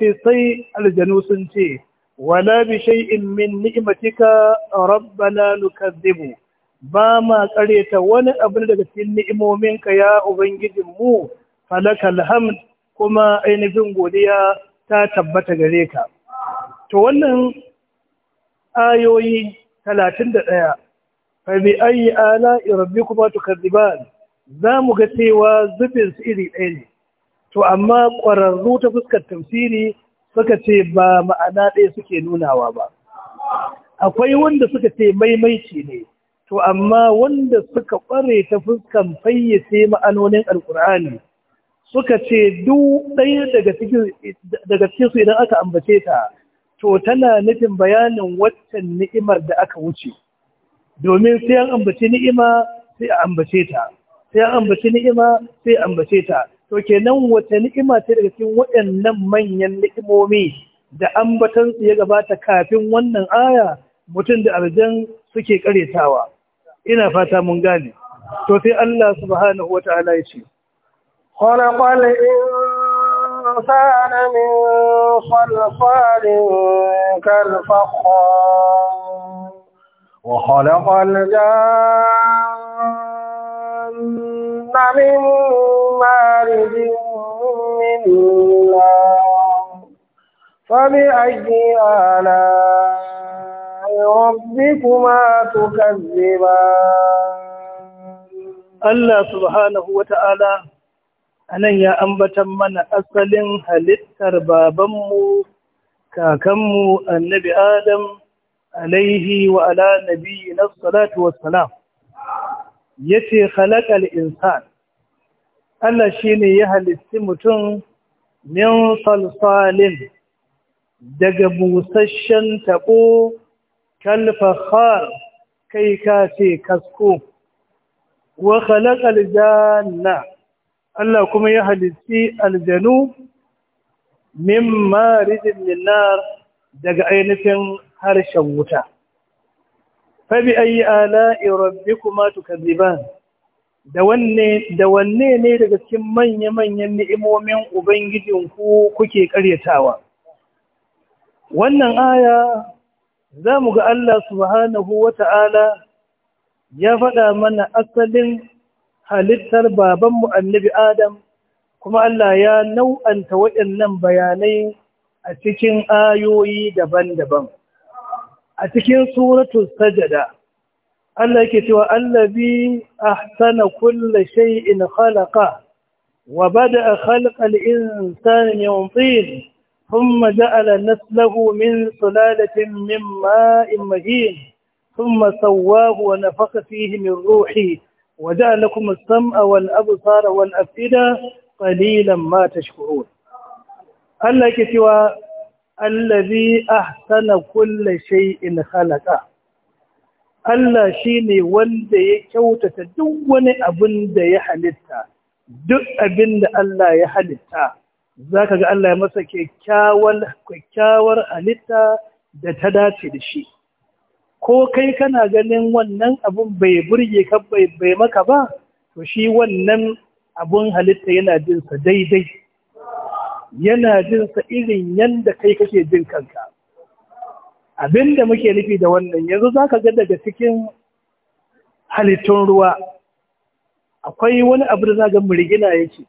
ce sai aljanu sun ce wala bi in min ni'matika rabbana nukazibu ba ma ta wani abin daga cikin ni'imominka ya ubangijinmu falakal hamd kuma ainihin godiya ta tabbata gare ka to wannan ayoyi talatin da ɗaya fabi ayi ala irabbi kuma tukaziban za mu ga cewa zubin su iri ɗaya ne to amma ƙwararru ta fuskar tafsiri suka ce ba ma'ana ɗaya suke nunawa ba akwai wanda suka ce maimaici ne to amma wanda suka ƙware ta fuskan fayyace ma'anonin Alƙur'ani, suka ce duk ɗaya daga cikin su idan aka ambace ta to tana nufin bayanin waccan ni'imar da aka wuce domin sai an ambaci ni'ima sai a ambace ta sai an ambaci ni'ima sai a ambace ta to kenan wata ni'ima ce daga cikin waɗannan manyan ni'imomi da ambatan su ya gabata kafin wannan aya mutum da arjan suke karetawa ina fata mun gane to sai Allah subhanahu wataala ya ce الإنسان من صلصال كالفخار وخلق الجن من مارد من نار فبأي آلاء ربكما تكذبان الله سبحانه وتعالى anan ya ambatan mana asalin halittar babanmu kakanmu annabi adam alaihi wa ala na salatu wassalam ya ce insan Allah shi ne ya halitti mutum min salsalin daga busasshen taɓo kalfahar kai ka ce kasko wa halakal janna Allah kuma ya halitti aljanu min marijin minnar daga ainihin harshen wuta. Fabi ayi ala irabbi kuma tukaziban, da wanne ne daga cikin manya-manyan ni'imomin Ubangijinku kuke karyatawa. Wannan aya za mu ga Allah subhanahu wa ta'ala ya faɗa mana asalin halittar babanmu annabi Adam kuma Allah ya nau'anta waɗannan bayanai a cikin ayoyi daban-daban. A cikin suratu sajada, Allah ke cewa Allabi ahsana kulla shay'in khalaqa wa bada'a khalqal insani min tin thumma ja'ala naslahu min sulalatin min ma'in mahin thumma sawwahu wa nafakha fihi min ruhi وجعل لكم السمع والأبصار والأفئدة قليلا ما تشكرون Allah ke cewa allazi ahsana kulla shay'in khalaqa Allah shine wanda ya kyautata duk wani abin da ya halitta duk abin da Allah ya halitta zaka ga Allah ya masa kyakkyawar kyakkyawar halitta da ta dace da shi ko kai kana ganin wannan abun bai burge ka bai maka ba to shi wannan abun halitta yana jinsa daidai yana jinsa irin yadda kai kake jin kanka abinda muke nufi da wannan yanzu zaka ga daga cikin halittun ruwa akwai wani abu da zaga murgina yake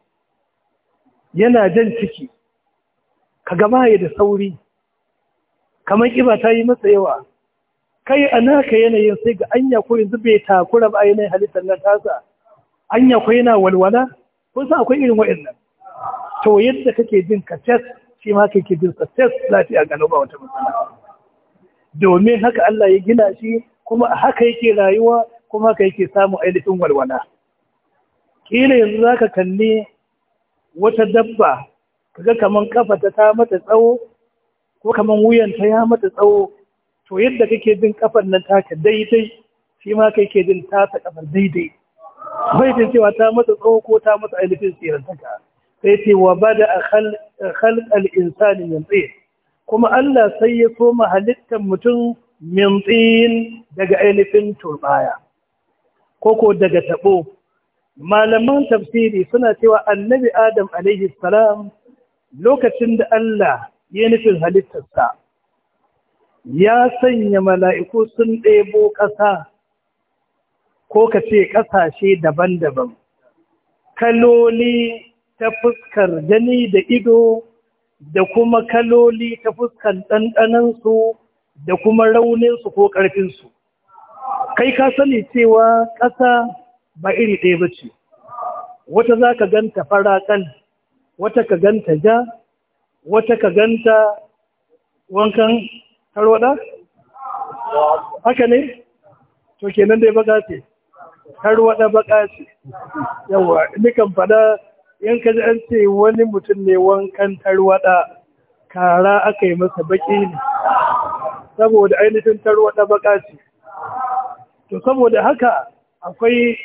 yana jan ciki ka gama ya da sauri kamar kiba ta yi masa yawa kai a naka yanayin sai ga anya ko yanzu bai takura ba yanayin halittar nan tasa anya ko yana walwala ko sa akwai irin nan to yadda kake jin ka shi ma kake jin ka lafiya ga ba wata matsala domin haka Allah ya gina shi kuma haka yake rayuwa kuma haka yake samu ainihin walwala kila yanzu zaka kalli wata dabba kaga kaman kafa ta ta mata tsawo ko kaman wuyan ta ya mata tsawo to yadda kake jin kafar nan taka daidai shi ma kai ke jin tasa kafar daidai bai ta cewa ta masa tsawo ko ta masa ainihin tsirantaka sai ce wa bada a insani min kuma Allah sai ya soma halittar mutum mintsi daga ainihin turbaya koko daga taɓo. malaman tafsiri suna cewa annabi adam alaihi salam lokacin da Allah ya nufin halittarsa ya sanya mala'iku sun ɗebo ƙasa ko ka ce ƙasashe daban-daban kaloli ta fuskar gani da ido da kuma kaloli ta fuskar ɗanɗanansu da kuma rauninsu ko ƙarfinsu kai ka sani cewa ƙasa ba iri ɗaya ba ce wata za ka ganta faraƙal wata ka ganta ja wata ka ganta wankan Waɗa haka ne to kenan dai baka ce waɗa baka ce yawa nikan fada yan kaji an ce wani mutum ne wankan tarwaɗa. kara aka yi masa baki ne saboda ainihin tarwaɗa baka ce to saboda haka akwai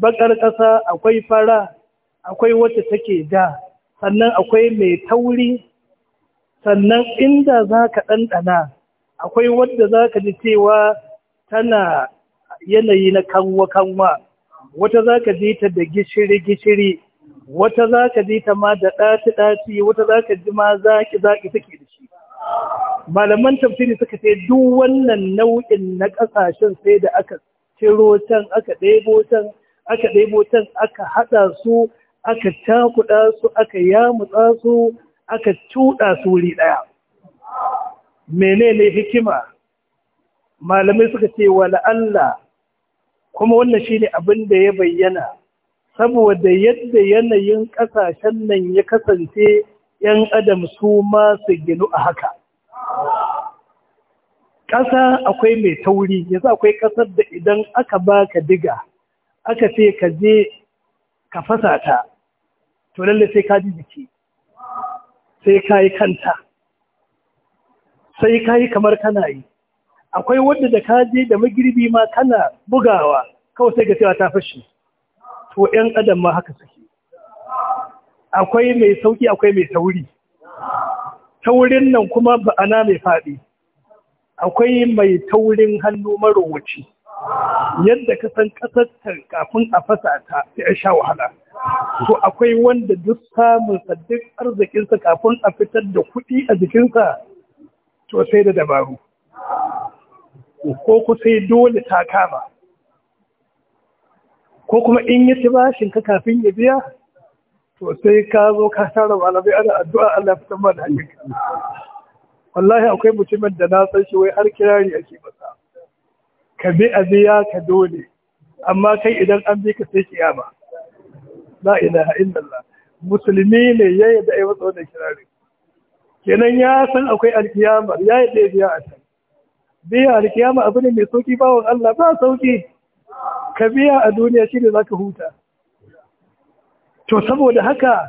bakar ƙasa akwai fara akwai wacce take da sannan akwai mai tauri sannan inda za ka ɗanɗana akwai wanda za ka ji cewa tana yanayi na kanwa-kanwa wata za ka ji ta da gishiri-gishiri wata za ka ji ta ma da ɗaci-ɗaci wata za ka ji ma za ki take da shi malaman tafsiri suka ce duk wannan nau'in na ƙasashen sai da aka ciro can aka ɗebo can aka ɗebo can aka haɗa su aka cakuɗa su aka yamutsa su aka cuɗa su wuri ɗaya menene hikima malamai suka ce wala Allah kuma wannan shi ne abin da ya bayyana saboda yadda yanayin kasashen nan ya kasance ‘yan adam su masu ginu a haka. Ƙasa akwai mai tauri, yanzu akwai ƙasar da idan aka ba ka diga, aka ce ka je ka fasa ta, to lalle sai ka ji jiki, sai ka yi kanta. sai ka yi kamar kana yi akwai wanda da ka je da magirbi ma kana bugawa kawai sai ga cewa ta fashe. to 'yan adam ma haka suke akwai mai sauki akwai mai tauri taurin nan kuma ba'ana mai faɗi akwai mai taurin hannu marowaci yadda ka san ƙasar kafin a fasa ta sai a sha wahala to akwai wanda duk samun duk arzikinsa kafin a fitar da kuɗi a jikinsa to sai da dabaru ko ku sai dole ta kama ko kuma in yi ci bashin ka kafin ya biya to sai ka zo ka tara malamai ana addu'a Allah fitan ma da hanyar wallahi akwai mutumin da na san shi wai har kirari ake masa ka bi a biya ka dole amma kai idan an bi ka sai kiyama la ilaha illallah musulmi ne ya da ai wato da kirari kenan ya san akwai alkiyama ya yi ɗaya biya a can biya alkiyama abu ne mai sauki bawon Allah ba sauki ka biya a duniya shi ne za ka huta to saboda haka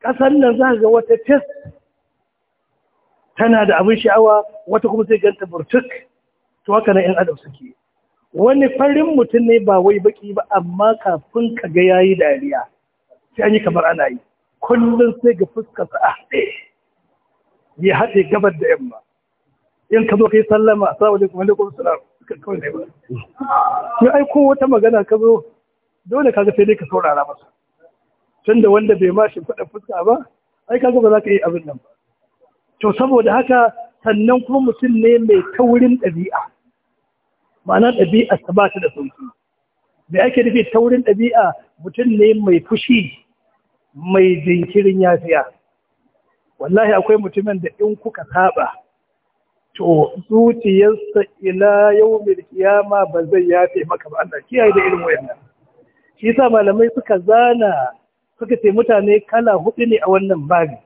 ƙasar nan za ga wata fes tana da abin sha'awa wata kuma zai ganta burtuk to haka na 'yan adam suke wani farin mutum ne ba wai baki ba amma kafin ka ga yayi dariya sai an yi kamar ana yi kullum sai ga sa a ɗaya ya haɗe gabar da yamma in ka zo ka yi sallama kuma alaikum kuma salam kawai ne ba to ai ko wata magana ka zo dole kaga sai dai ka saurara masa tunda wanda bai ma shi faɗa fuska ba ai zo ba za ka yi abin nan ba to saboda haka sannan kuma mutum ne mai taurin ɗabi'a ma'ana ɗabi'a ta ba ta da sauki me ake nufi taurin ɗabi'a mutum ne mai fushi mai jinkirin yafiya wallahi akwai mutumin da in kuka saba to zuciyarsa ila yaumin kiyama ba zai yafe maka ba Allah kiyaye da irin wayannan shi yasa malamai suka zana suka ce mutane kala hudu ne a wannan babi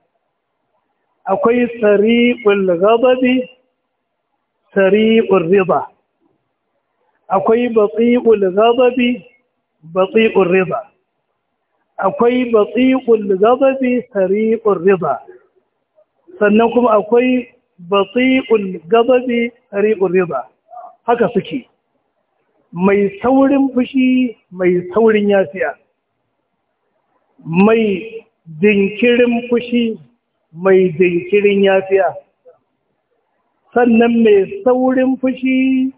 akwai sari'ul ghadabi sari'ul rida akwai bati'ul ghadabi bati'ul rida akwai bati'ul ghadabi sari'ul rida sannan kuma akwai basiƙun gababi ri'ul riba haka suke mai saurin fushi mai saurin yafiya mai jinkirin fushi mai jinkirin yafiya sannan mai saurin fushi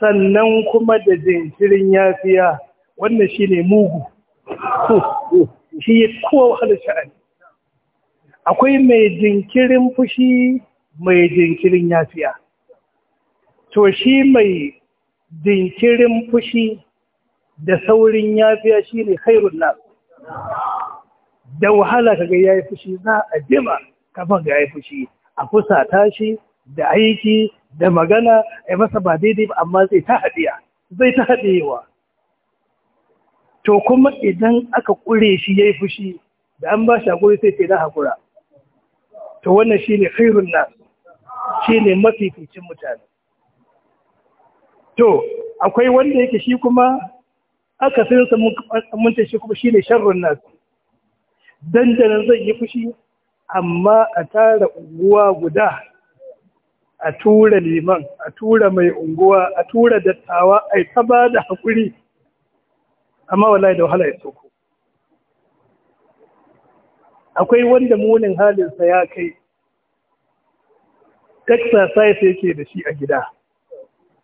sannan kuma da jinkirin yafiya wannan shi ne mugu shi ya kowa sha'ani akwai mai jinkirin fushi mai jinkirin yafiya to shi mai jinkirin fushi da saurin yafiya shine ne khairun nas da wahala kaga yayi fushi za a jima kafin ga yayi fushi a fusata tashi, da aiki da magana a masa ba daidai ba amma zai ta haɗiya zai ta haɗewa to kuma idan aka ƙure shi yayi fushi da an ba shi hakuri sai ce na hakura to wannan shi ne khairun shi ne mafificin mutane to akwai wanda yake shi kuma aka sinsa mun ta shi kuma shi ne sharrun nasu. dandanan zai yi fushi amma a tara unguwa guda a tura liman a tura mai unguwa a tura dattawa yi ta ba da haƙuri amma wallahi da wahala ya soko akwai wanda munin halinsa ya kai exercise yake da shi a gida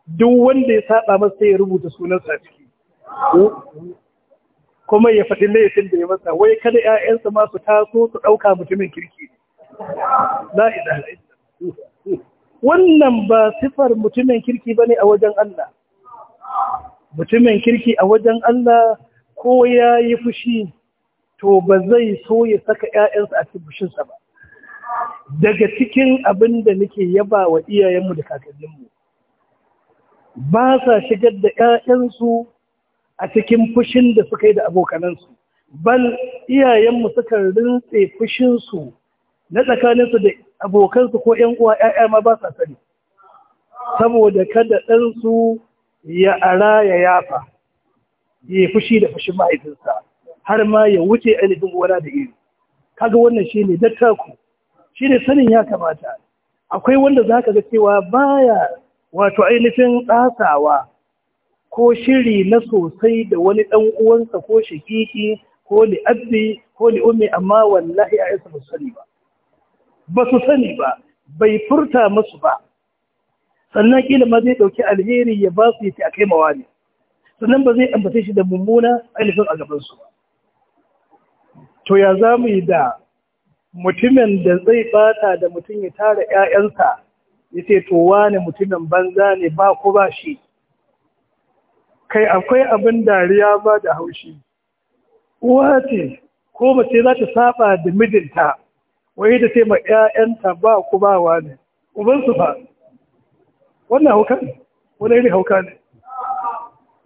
duk wanda ya saba masa sai ya rubuta sunansa a ciki kuma ya faɗi laifin da ya masa wai kada 'ya'yansa ma su taso su ɗauka mutumin kirki la ilaha wannan ba sifar mutumin kirki bane a wajen Allah mutumin kirki a wajen Allah ko ya yi fushi to ba zai so ya saka ‘ya'yansa a tubushinsa ba. Daga cikin abin da nake yaba wa iyayenmu da kakanninmu, ba sa shigar da ‘ya'yansu a cikin fushin da suka yi da abokanansu, bal iyayenmu suka rintse fushinsu na tsakaninsu da abokansu ko ‘yan uwa ‘ya'ya ma ba sa sani, saboda kada ɗansu ya ara ya yafa, ya yi fushi da fushin mahaifinsa. har ma ya wuce ainihin gona da iri kaga wannan shi ne dattaku shi ne sanin ya kamata akwai wanda za ka ga cewa baya wato ainihin ɗasawa ko shiri na sosai da wani ɗan uwansa ko shakiki ko li'abdi ko li'ummi amma wallahi a isa ba su sani ba ba su sani ba bai furta musu ba sannan kila ma zai ɗauki alheri ya ba su yi ta kai mawa ne sannan ba zai ambace shi da mummuna ainihin a gabansu ba to ya za mu yi da mutumin da zai bata da mutum ya tara ‘ya'yansa ya ce to wani mutumin banza ne ba ku ba shi kai akwai abin dariya ba da haushi uwa ce ko mace za ta saba da mijinta wai da sai ma ‘ya'yanta ba ku ba wane ubansu fa wannan hauka ne wani irin hauka ne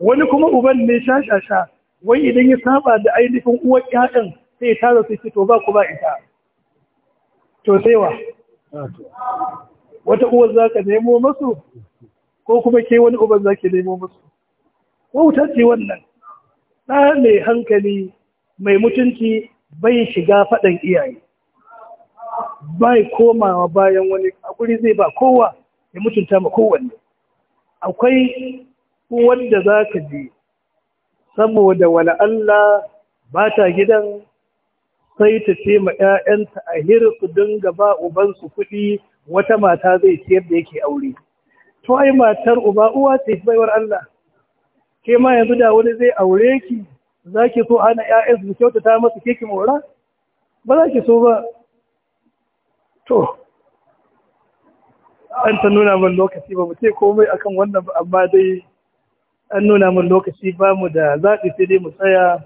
wani kuma uban ne sha-sha-sha wai idan ya saba da ainihin uwar ‘ya'yan sai ta zo sai to ba ku ba ita to sai wa wata uwar za ka nemo masu ko kuma ke wani uban za ki nemo masu ta ce wannan ɗa mai hankali mai mutunci bai shiga faɗan iyaye bai komawa bayan wani hakuri zai ba kowa ya mutunta ma kowanne akwai wanda za ka je saboda wala Allah ba ta gidan sai ta ce ma 'ya'yanta a hira su dinga ba ubansu kuɗi wata mata zai ciyar da yake aure to ai matar uba uwa ce baiwar Allah ke ma yanzu da wani zai aure ki za ki so hana 'ya'yansu su kyautata masu ke ki ba za ki so ba to an ta nuna min lokaci ba mu ce komai akan wannan ba amma dai an nuna min lokaci ba mu da zaɓi sai dai mu tsaya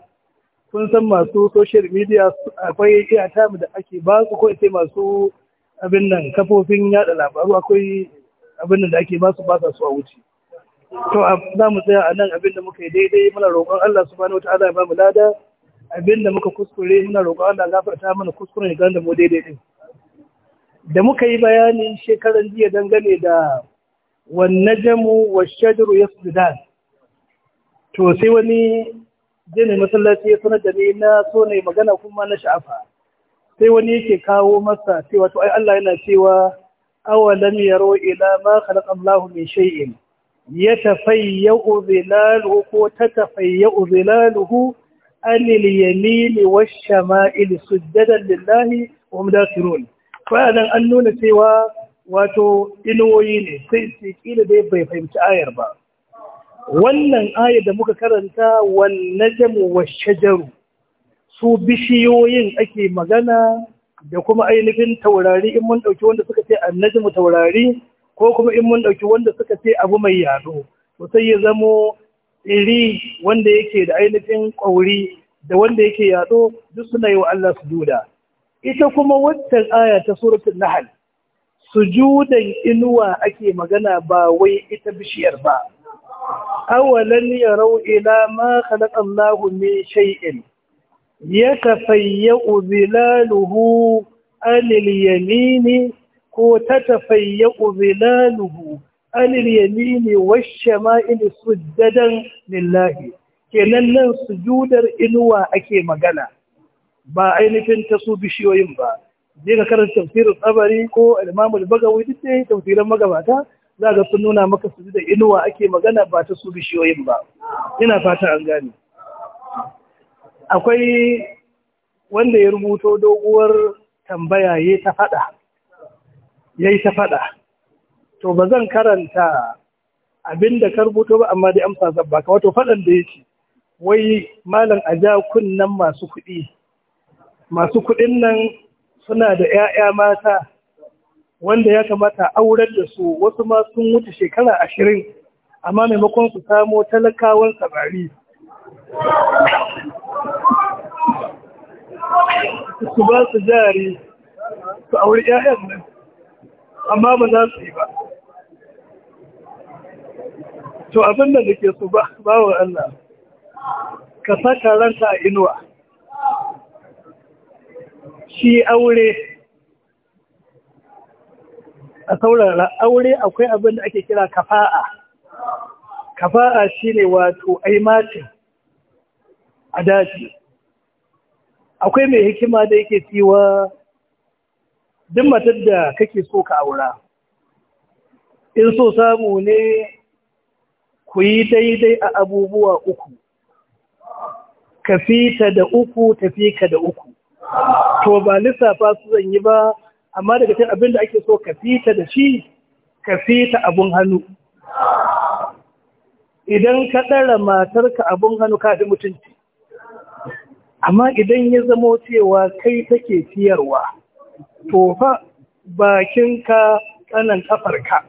kun san masu social media akwai iya time da ake ba su ko sai masu abin nan kafofin yada labaru akwai abin nan da ake ba su ba su a wuce to za mu tsaya a nan abin da muka yi daidai muna roƙon Allah subhanahu wataala ya ba mu lada abin da muka kuskure muna roƙon Allah gafarta mana kuskuren ya ganda mu daidai din da muka yi bayanin shekaran jiya dangane da wannan jamu wa shajaru yasjudan to sai wani zai ne masallaci ya sanar da ni na so na magana kuma na sha'afa sai wani yake kawo masa cewa to ai Allah yana cewa awalam yaro ila ma khalaqa Allahu min shay'in yatafayyu zilaluhu ko tatafayyu zilaluhu an al-yamin wash-shama'il sujadan lillahi wa hum dakhirun nan an nuna cewa wato inuwoyi ne sai kila dai bai fahimci ayar ba wannan aya da muka karanta jamu wa shajaru su bishiyoyin ake magana da kuma ainihin taurari in mun ɗauki wanda suka ce annajmu taurari ko kuma in mun ɗauki wanda suka ce abu mai yaɗo to sai ya zamo iri wanda yake da ainihin ƙauri da wanda yake yaɗo duk suna yi wa Allah sujuda ita kuma waccan aya ta suratul Nahal, sujudan inuwa ake magana ba wai ita bishiyar ba awalan yarau ila ma khalaqa Allahu min shay'in yatafayyu zilaluhu anil yamini ko tatafayyu zilaluhu anil yamini wash shama'il sujjadan lillahi kenan nan sujudar inuwa ake magana ba ainihin ta su bishiyoyin ba je ka karanta tafsirin tsabari ko al-imam al-bagawi duk tafsiran magabata za ga sun nuna maka su da inuwa ake magana ba ta su bishiyoyin ba ina fata an gane akwai wanda ya rubuto doguwar tambaya ya ta fada ya yi ta fada to ba zan karanta abin da ka rubuto ba amma dai amsa zan baka wato fadan da ya ce, wai malam a ja kunnan masu kuɗi masu kuɗin nan suna da 'ya'ya mata wanda ya kamata aurar da su wasu ma sun wuce shekara ashirin amma maimakon su samo talakawan samari. su ba su jari su auri 'ya'yan nan amma ba za su yi ba to abin da ke su ba wa Allah ka saka ranta a inuwa shi aure a saurara aure akwai abin da ake kira kafa'a kafa'a shine wato aimatin a daji akwai mai hikima da yake tiwa duk matar da kake so ka aura in so samu ne ku yi daidai a abubuwa uku ka fita da uku tafi ka da uku to ba lissafa su zan yi ba amma daga cikin abin da ake so ka fita da shi ka fita abun hannu idan ka ɗara matarka abun hannu ka fi mutunci amma idan ya zamo cewa kai take ciyarwa to fa bakinka kanan ka.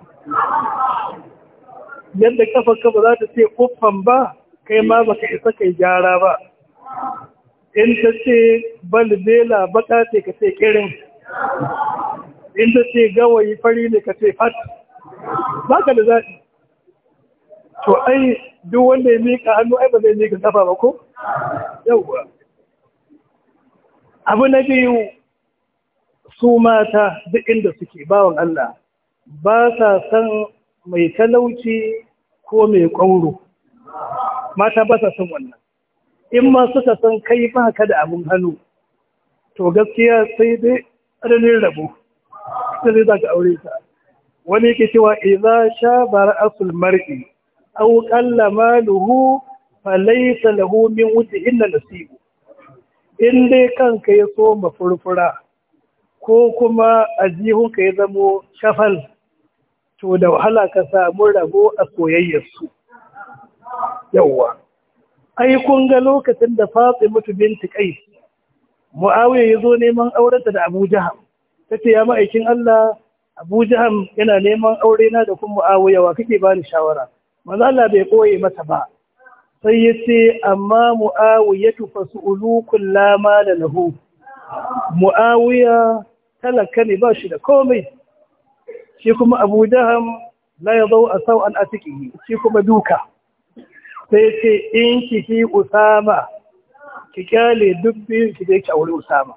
yadda kafarka ba za ta ce uffan ba kai ma ba ka isa kai gyara ba in ta ce balbela baka ce ka ce kirin in ce gawayi fari ne ka ce fat ba ka da zaɓi to ai duk wanda ya miƙa hannu ai ba zai miƙa kafa ba ko yauwa abu na biyu su mata duk inda suke bawan Allah ba sa san mai talauci ko mai ƙauro mata ba sa san wannan in ma suka san kai ba ka da abin hannu to gaskiya sai dai ranar rabo haka zai za ka aure ta wani yake cewa idza bara asul mar'i aw qalla maluhu falaysa lahu min illa nasibu in dai kanka ya so furfura, ko kuma ajihunka ya zamo shafal to da wahala ka samu rabo a su yawwa ai kun ga lokacin da Fatima mutu binti Qais Muawiya yazo neman aurenta da Abu Jahal ta ce ya ma'aikin Allah Abu Jaham yana neman aure na da kuma Muawiya wa kake bani shawara manzo Allah bai koye mata ba sai ya ce amma Muawiyatu fasulu kullama da lahu Muawiya talaka ne ba shi da komai shi kuma Abu Jaham la yadau asau an atiki shi kuma duka sai ce in ki Usama ki kyale dubbi ki je ki aure Usama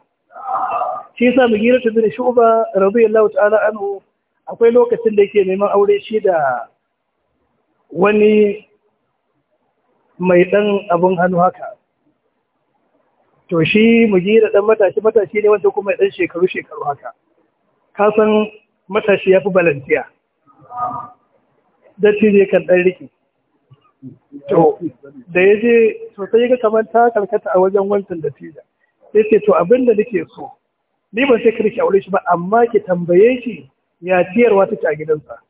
shi yasa gina ta bin shuba radiyallahu ta'ala anhu akwai lokacin da yake neman aure shi da wani mai ɗan abin hannu haka to shi gina ɗan matashi matashi ne wanda kuma dan shekaru shekaru haka ka san matashi ya fi balantiya shi ne kan ɗan riki to da yaje je sosai ga kamar ta karkata a wajen wancan dattijan sai ce to abinda da nake so ni ban sai kare ki aure shi ba amma ki tambaye shi ya ciyarwa ci a gidansa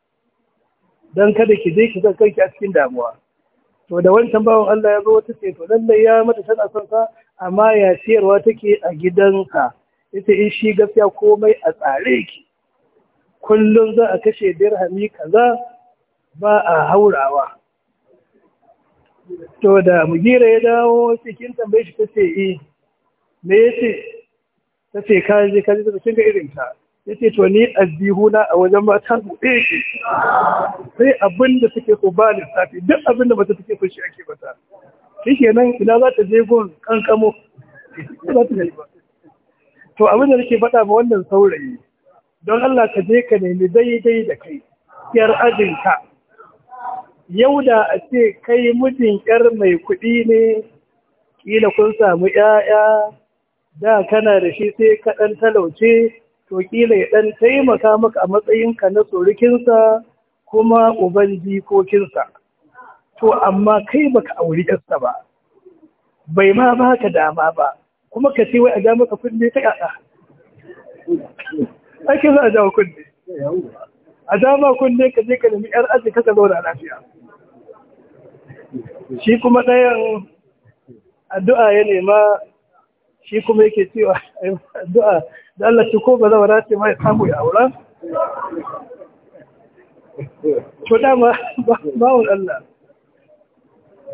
Don kada ki je ki zan kanki a cikin damuwa to da wancan tambawan Allah ya zo wata ce to lallai ya mata tana son sa amma ya ciyarwa take a gidansa ita in shi gaskiya komai a tsare ki kullum za a kashe dirhami kaza ba a haurawa to da mugira ya dawo kin tambaye shi kace eh me yace ta ce ka je ka je ta kinga irin ta ya ce to ni addihuna a wajen mata su shi sai abin da suke so ba lissafi duk abin da mace suke so shi ake mata shi nan ina za ta je gun kankamo za ta yi ba to abin da nake faɗa ma wannan saurayi don Allah ka je ka nemi daidai da kai yar ajinka yau da a ce kai mijin yar mai kuɗi ne kila kun samu 'ya'ya da kana da shi sai ka ɗan talauce to kila ya ɗan taimaka maka a matsayinka na tsorikinsa kuma uban jikokinsa to amma kai baka auri yarsa ba bai ma ba ka dama ba kuma ka ce wai a ja maka kunne ta ƙaƙa ake za a dama kunne a dama kunne ka je ka nemi yar aji ka zauna lafiya shi kuma ɗayan addu'a ya nema shi kuma yake cewa addu'a da Allah shi ko ba zawara ce mai samu ya aura to dama bawon Allah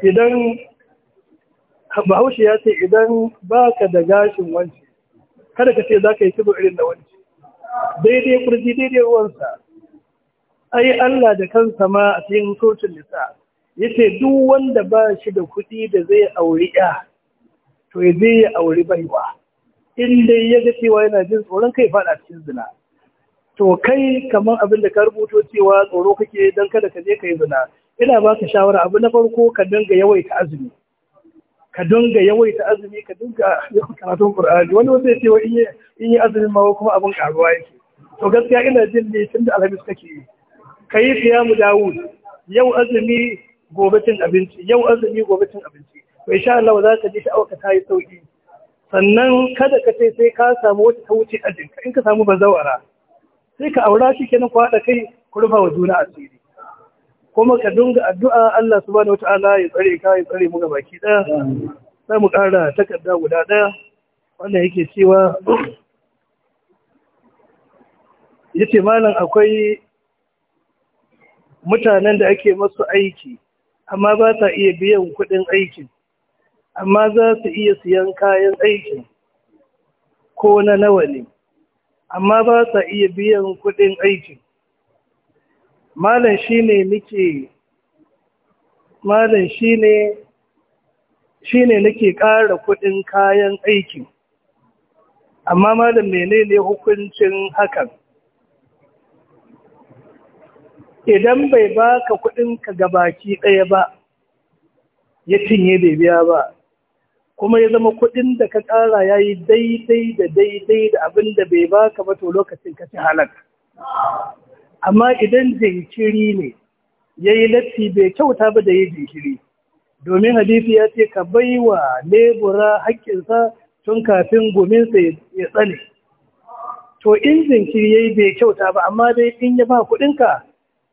idan bahaushe ya ce idan baka da gashin wanci kada ka ce za ka yi kibo irin da wanci daidai kurji daidai ruwansa ai Allah da kansa ma a cikin socin nisa yace duk wanda ba shi da kuɗi da zai auri ya to ya je ya auri baiwa in dai ya ga cewa yana jin tsoron kai fada cikin zina to kai kamar abin da ka rubuto cewa tsoro kake don kada ka je ka yi zina ina ba ka shawara abu na farko ka dinga yawaita azumi ka dinga yawaita azumi ka dinga yawan karatun qur'ani wani wasu ya ce in yi azumin ma kuma abin karuwa yake to gaskiya ina jin ne tun da alhamis kake yi ka yi siyamu dawud yau azumi gobe cin abinci yau azumi gobe cin abinci to insha Allah za ka ji sha'awarka ta yi sauki sannan kada ka ce sai ka samu wata ta wuce jinka, in ka samu bazawara sai ka aura shi kenan ku haɗa kai ku rufa wa juna asiri kuma ka dunga addu'a Allah subhanahu wataala ya tsare ka ya tsare mu ga baki ɗaya sai mu ƙara takarda guda ɗaya wanda yake cewa yace malam akwai mutanen da ake masu aiki amma ba ta iya biyan kuɗin aikin amma za su iya siyan kayan aikin ko na nawa ne amma ba sa iya biyan kuɗin aikin malam shi ne nake malam shi ne nake ƙara kuɗin kayan aikin amma malam menene hukuncin hakan idan bai baka kuɗinka gabaki ɗaya ba ya cinye bai biya ba kuma ya zama kuɗin da ka ƙara ya yi daidai da daidai da abin da bai baka ba to lokacin ka ci halak amma idan jinkiri ne ya yi latti bai kyauta ba da ya jinkiri domin hadisi ya ce ka bai baiwa lebura haƙƙinsa tun kafin gominsa ya tsane to in jinkiri ya yi bai kyauta ba amma dai in ya ba kuɗinka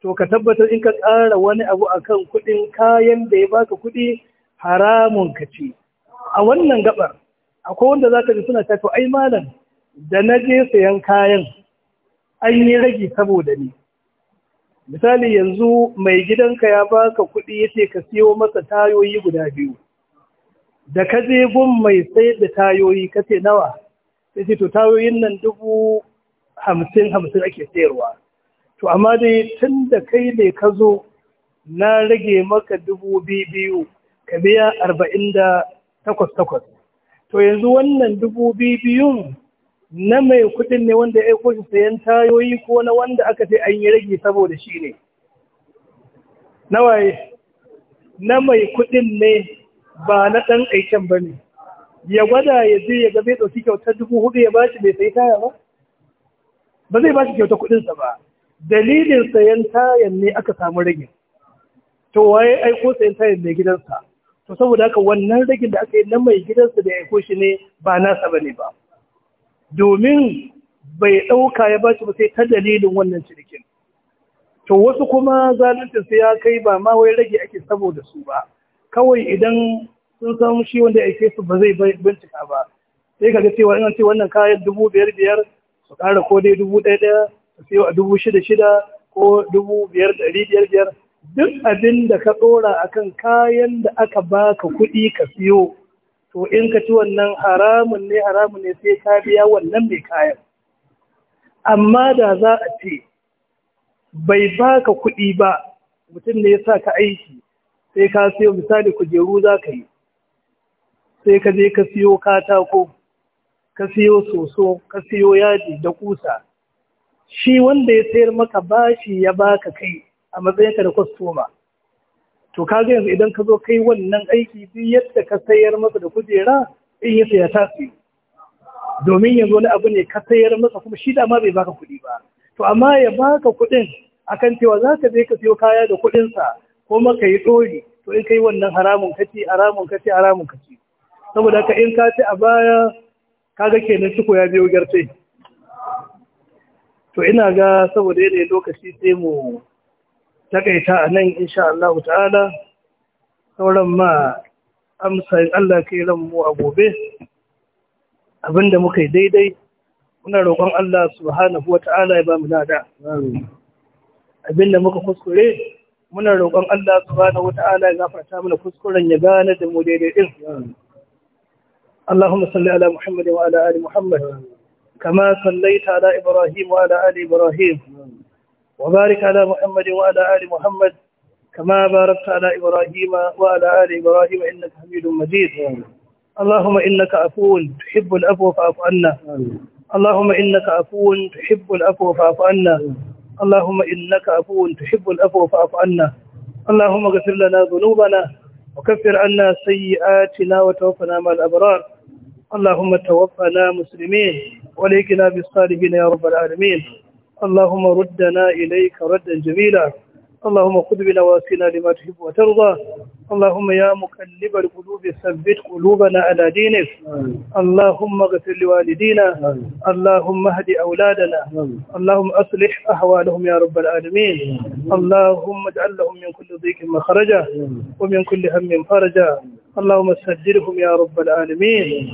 to ka tabbatar in ka ƙara wani abu akan kuɗin kayan da ya baka kuɗi haramun ka ci a wannan gabar akwai wanda za ka ji suna to ai malam da na je sayan kayan an yi ragi saboda ni misali yanzu mai gidanka ya baka kuɗi yace ka siyo masa tayoyi guda biyu da ka je gun mai sai da tayoyi ka ce nawa ya ce to tayoyin nan dubu hamsin hamsin ake sayarwa to amma dai tun da kai ne ka zo na rage maka dubu biyu ka biya arba'in da takwas takwas to yanzu wannan dubu biyun na mai kudin ne wanda ya aiko shi sayan tayoyi ko na wanda aka sai an yi rage saboda shi ne na waye na mai kudin ne ba na dan aikin ba ne ya gwada ya je ya ga zai ɗauki kyautar dubu hudu ya bashi bai sai taya ba ba zai bashi kyautar kuɗinsa ba dalilin sayan tayan ne aka samu rage to waye aiko sayan tayan mai gidansa to saboda haka wannan ragin da aka yi na mai gidansa da ya ko shi ne ba nasa ba ne ba domin bai ɗauka ya ba shi ba sai ta dalilin wannan cinikin to wasu kuma zaluncin sai ya kai ba ma wai rage ake saboda su ba kawai idan sun san shi wanda aike su ba zai bincika ba sai ka ga cewa ina ce wannan kayan dubu biyar biyar su kara ko dai dubu ɗaya ɗaya su siyo a dubu shida shida ko dubu biyar ɗari biyar biyar duk abin da ka ɗora kan kayan da aka baka kuɗi ka siyo to in ka ci wannan haramun ne haramun ne sai ka biya wannan mai kayan amma da za a ce bai baka kuɗi ba mutum ne ya sa ka aiki sai ka siyo misali kujeru za ka yi sai ka je ka siyo katako ka siyo soso ka siyo yaji da kusa shi wanda ya sayar maka bashi ya baka kai a matsayinka da kwastoma to ka ga yanzu idan ka zo kai wannan aiki duk yadda ka sayar masa da kujera in yi saya ta su domin yanzu wani abu ne ka sayar masa kuma shi dama bai baka kuɗi ba to amma ya baka kuɗin akan cewa za ka je ka siyo kaya da kuɗinsa kuma ka yi ɗori to in kai wannan haramun ka kaci haramun ka kaci haramun ka kaci saboda ka in ka ci a baya kaga kenan ciko ya biyo gyarce to ina ga saboda yanayin lokaci sai mu takaita a nan insha Allah ta'ala sauran ma amsa Allah ke ran mu a gobe abinda muka yi daidai muna roƙon Allah subhanahu wata'ala ya ba mu lada abinda muka kuskure muna roƙon Allah subhanahu wata'ala ya gafarta mana kuskuren ya gane da mu daidai din اللهم صل على محمد وعلى ال محمد كما صليت على إبراهيم وعلى آل إبراهيم وبارك على محمد وعلى آل محمد كما باركت على إبراهيم وعلى آل إبراهيم إنك حميد مجيد اللهم إنك عفو تحب العفو فاعف عنا اللهم إنك عفو تحب العفو فاعف عنا اللهم إنك عفو تحب العفو فاعف عنا اللهم اغفر لنا ذنوبنا وكفر عنا سيئاتنا وتوفنا مع الأبرار اللهم توفنا مسلمين وليكنا بالصالحين يا رب العالمين اللهم ردنا إليك ردا جميلا اللهم خذ بنواسينا لما تحب وترضى اللهم يا مقلب القلوب ثبت قلوبنا على دينك اللهم اغفر لوالدينا اللهم اهد اولادنا اللهم اصلح احوالهم يا رب العالمين اللهم اجعل لهم من كل ضيق مخرجا ومن كل هم فرجا اللهم سجلهم يا رب العالمين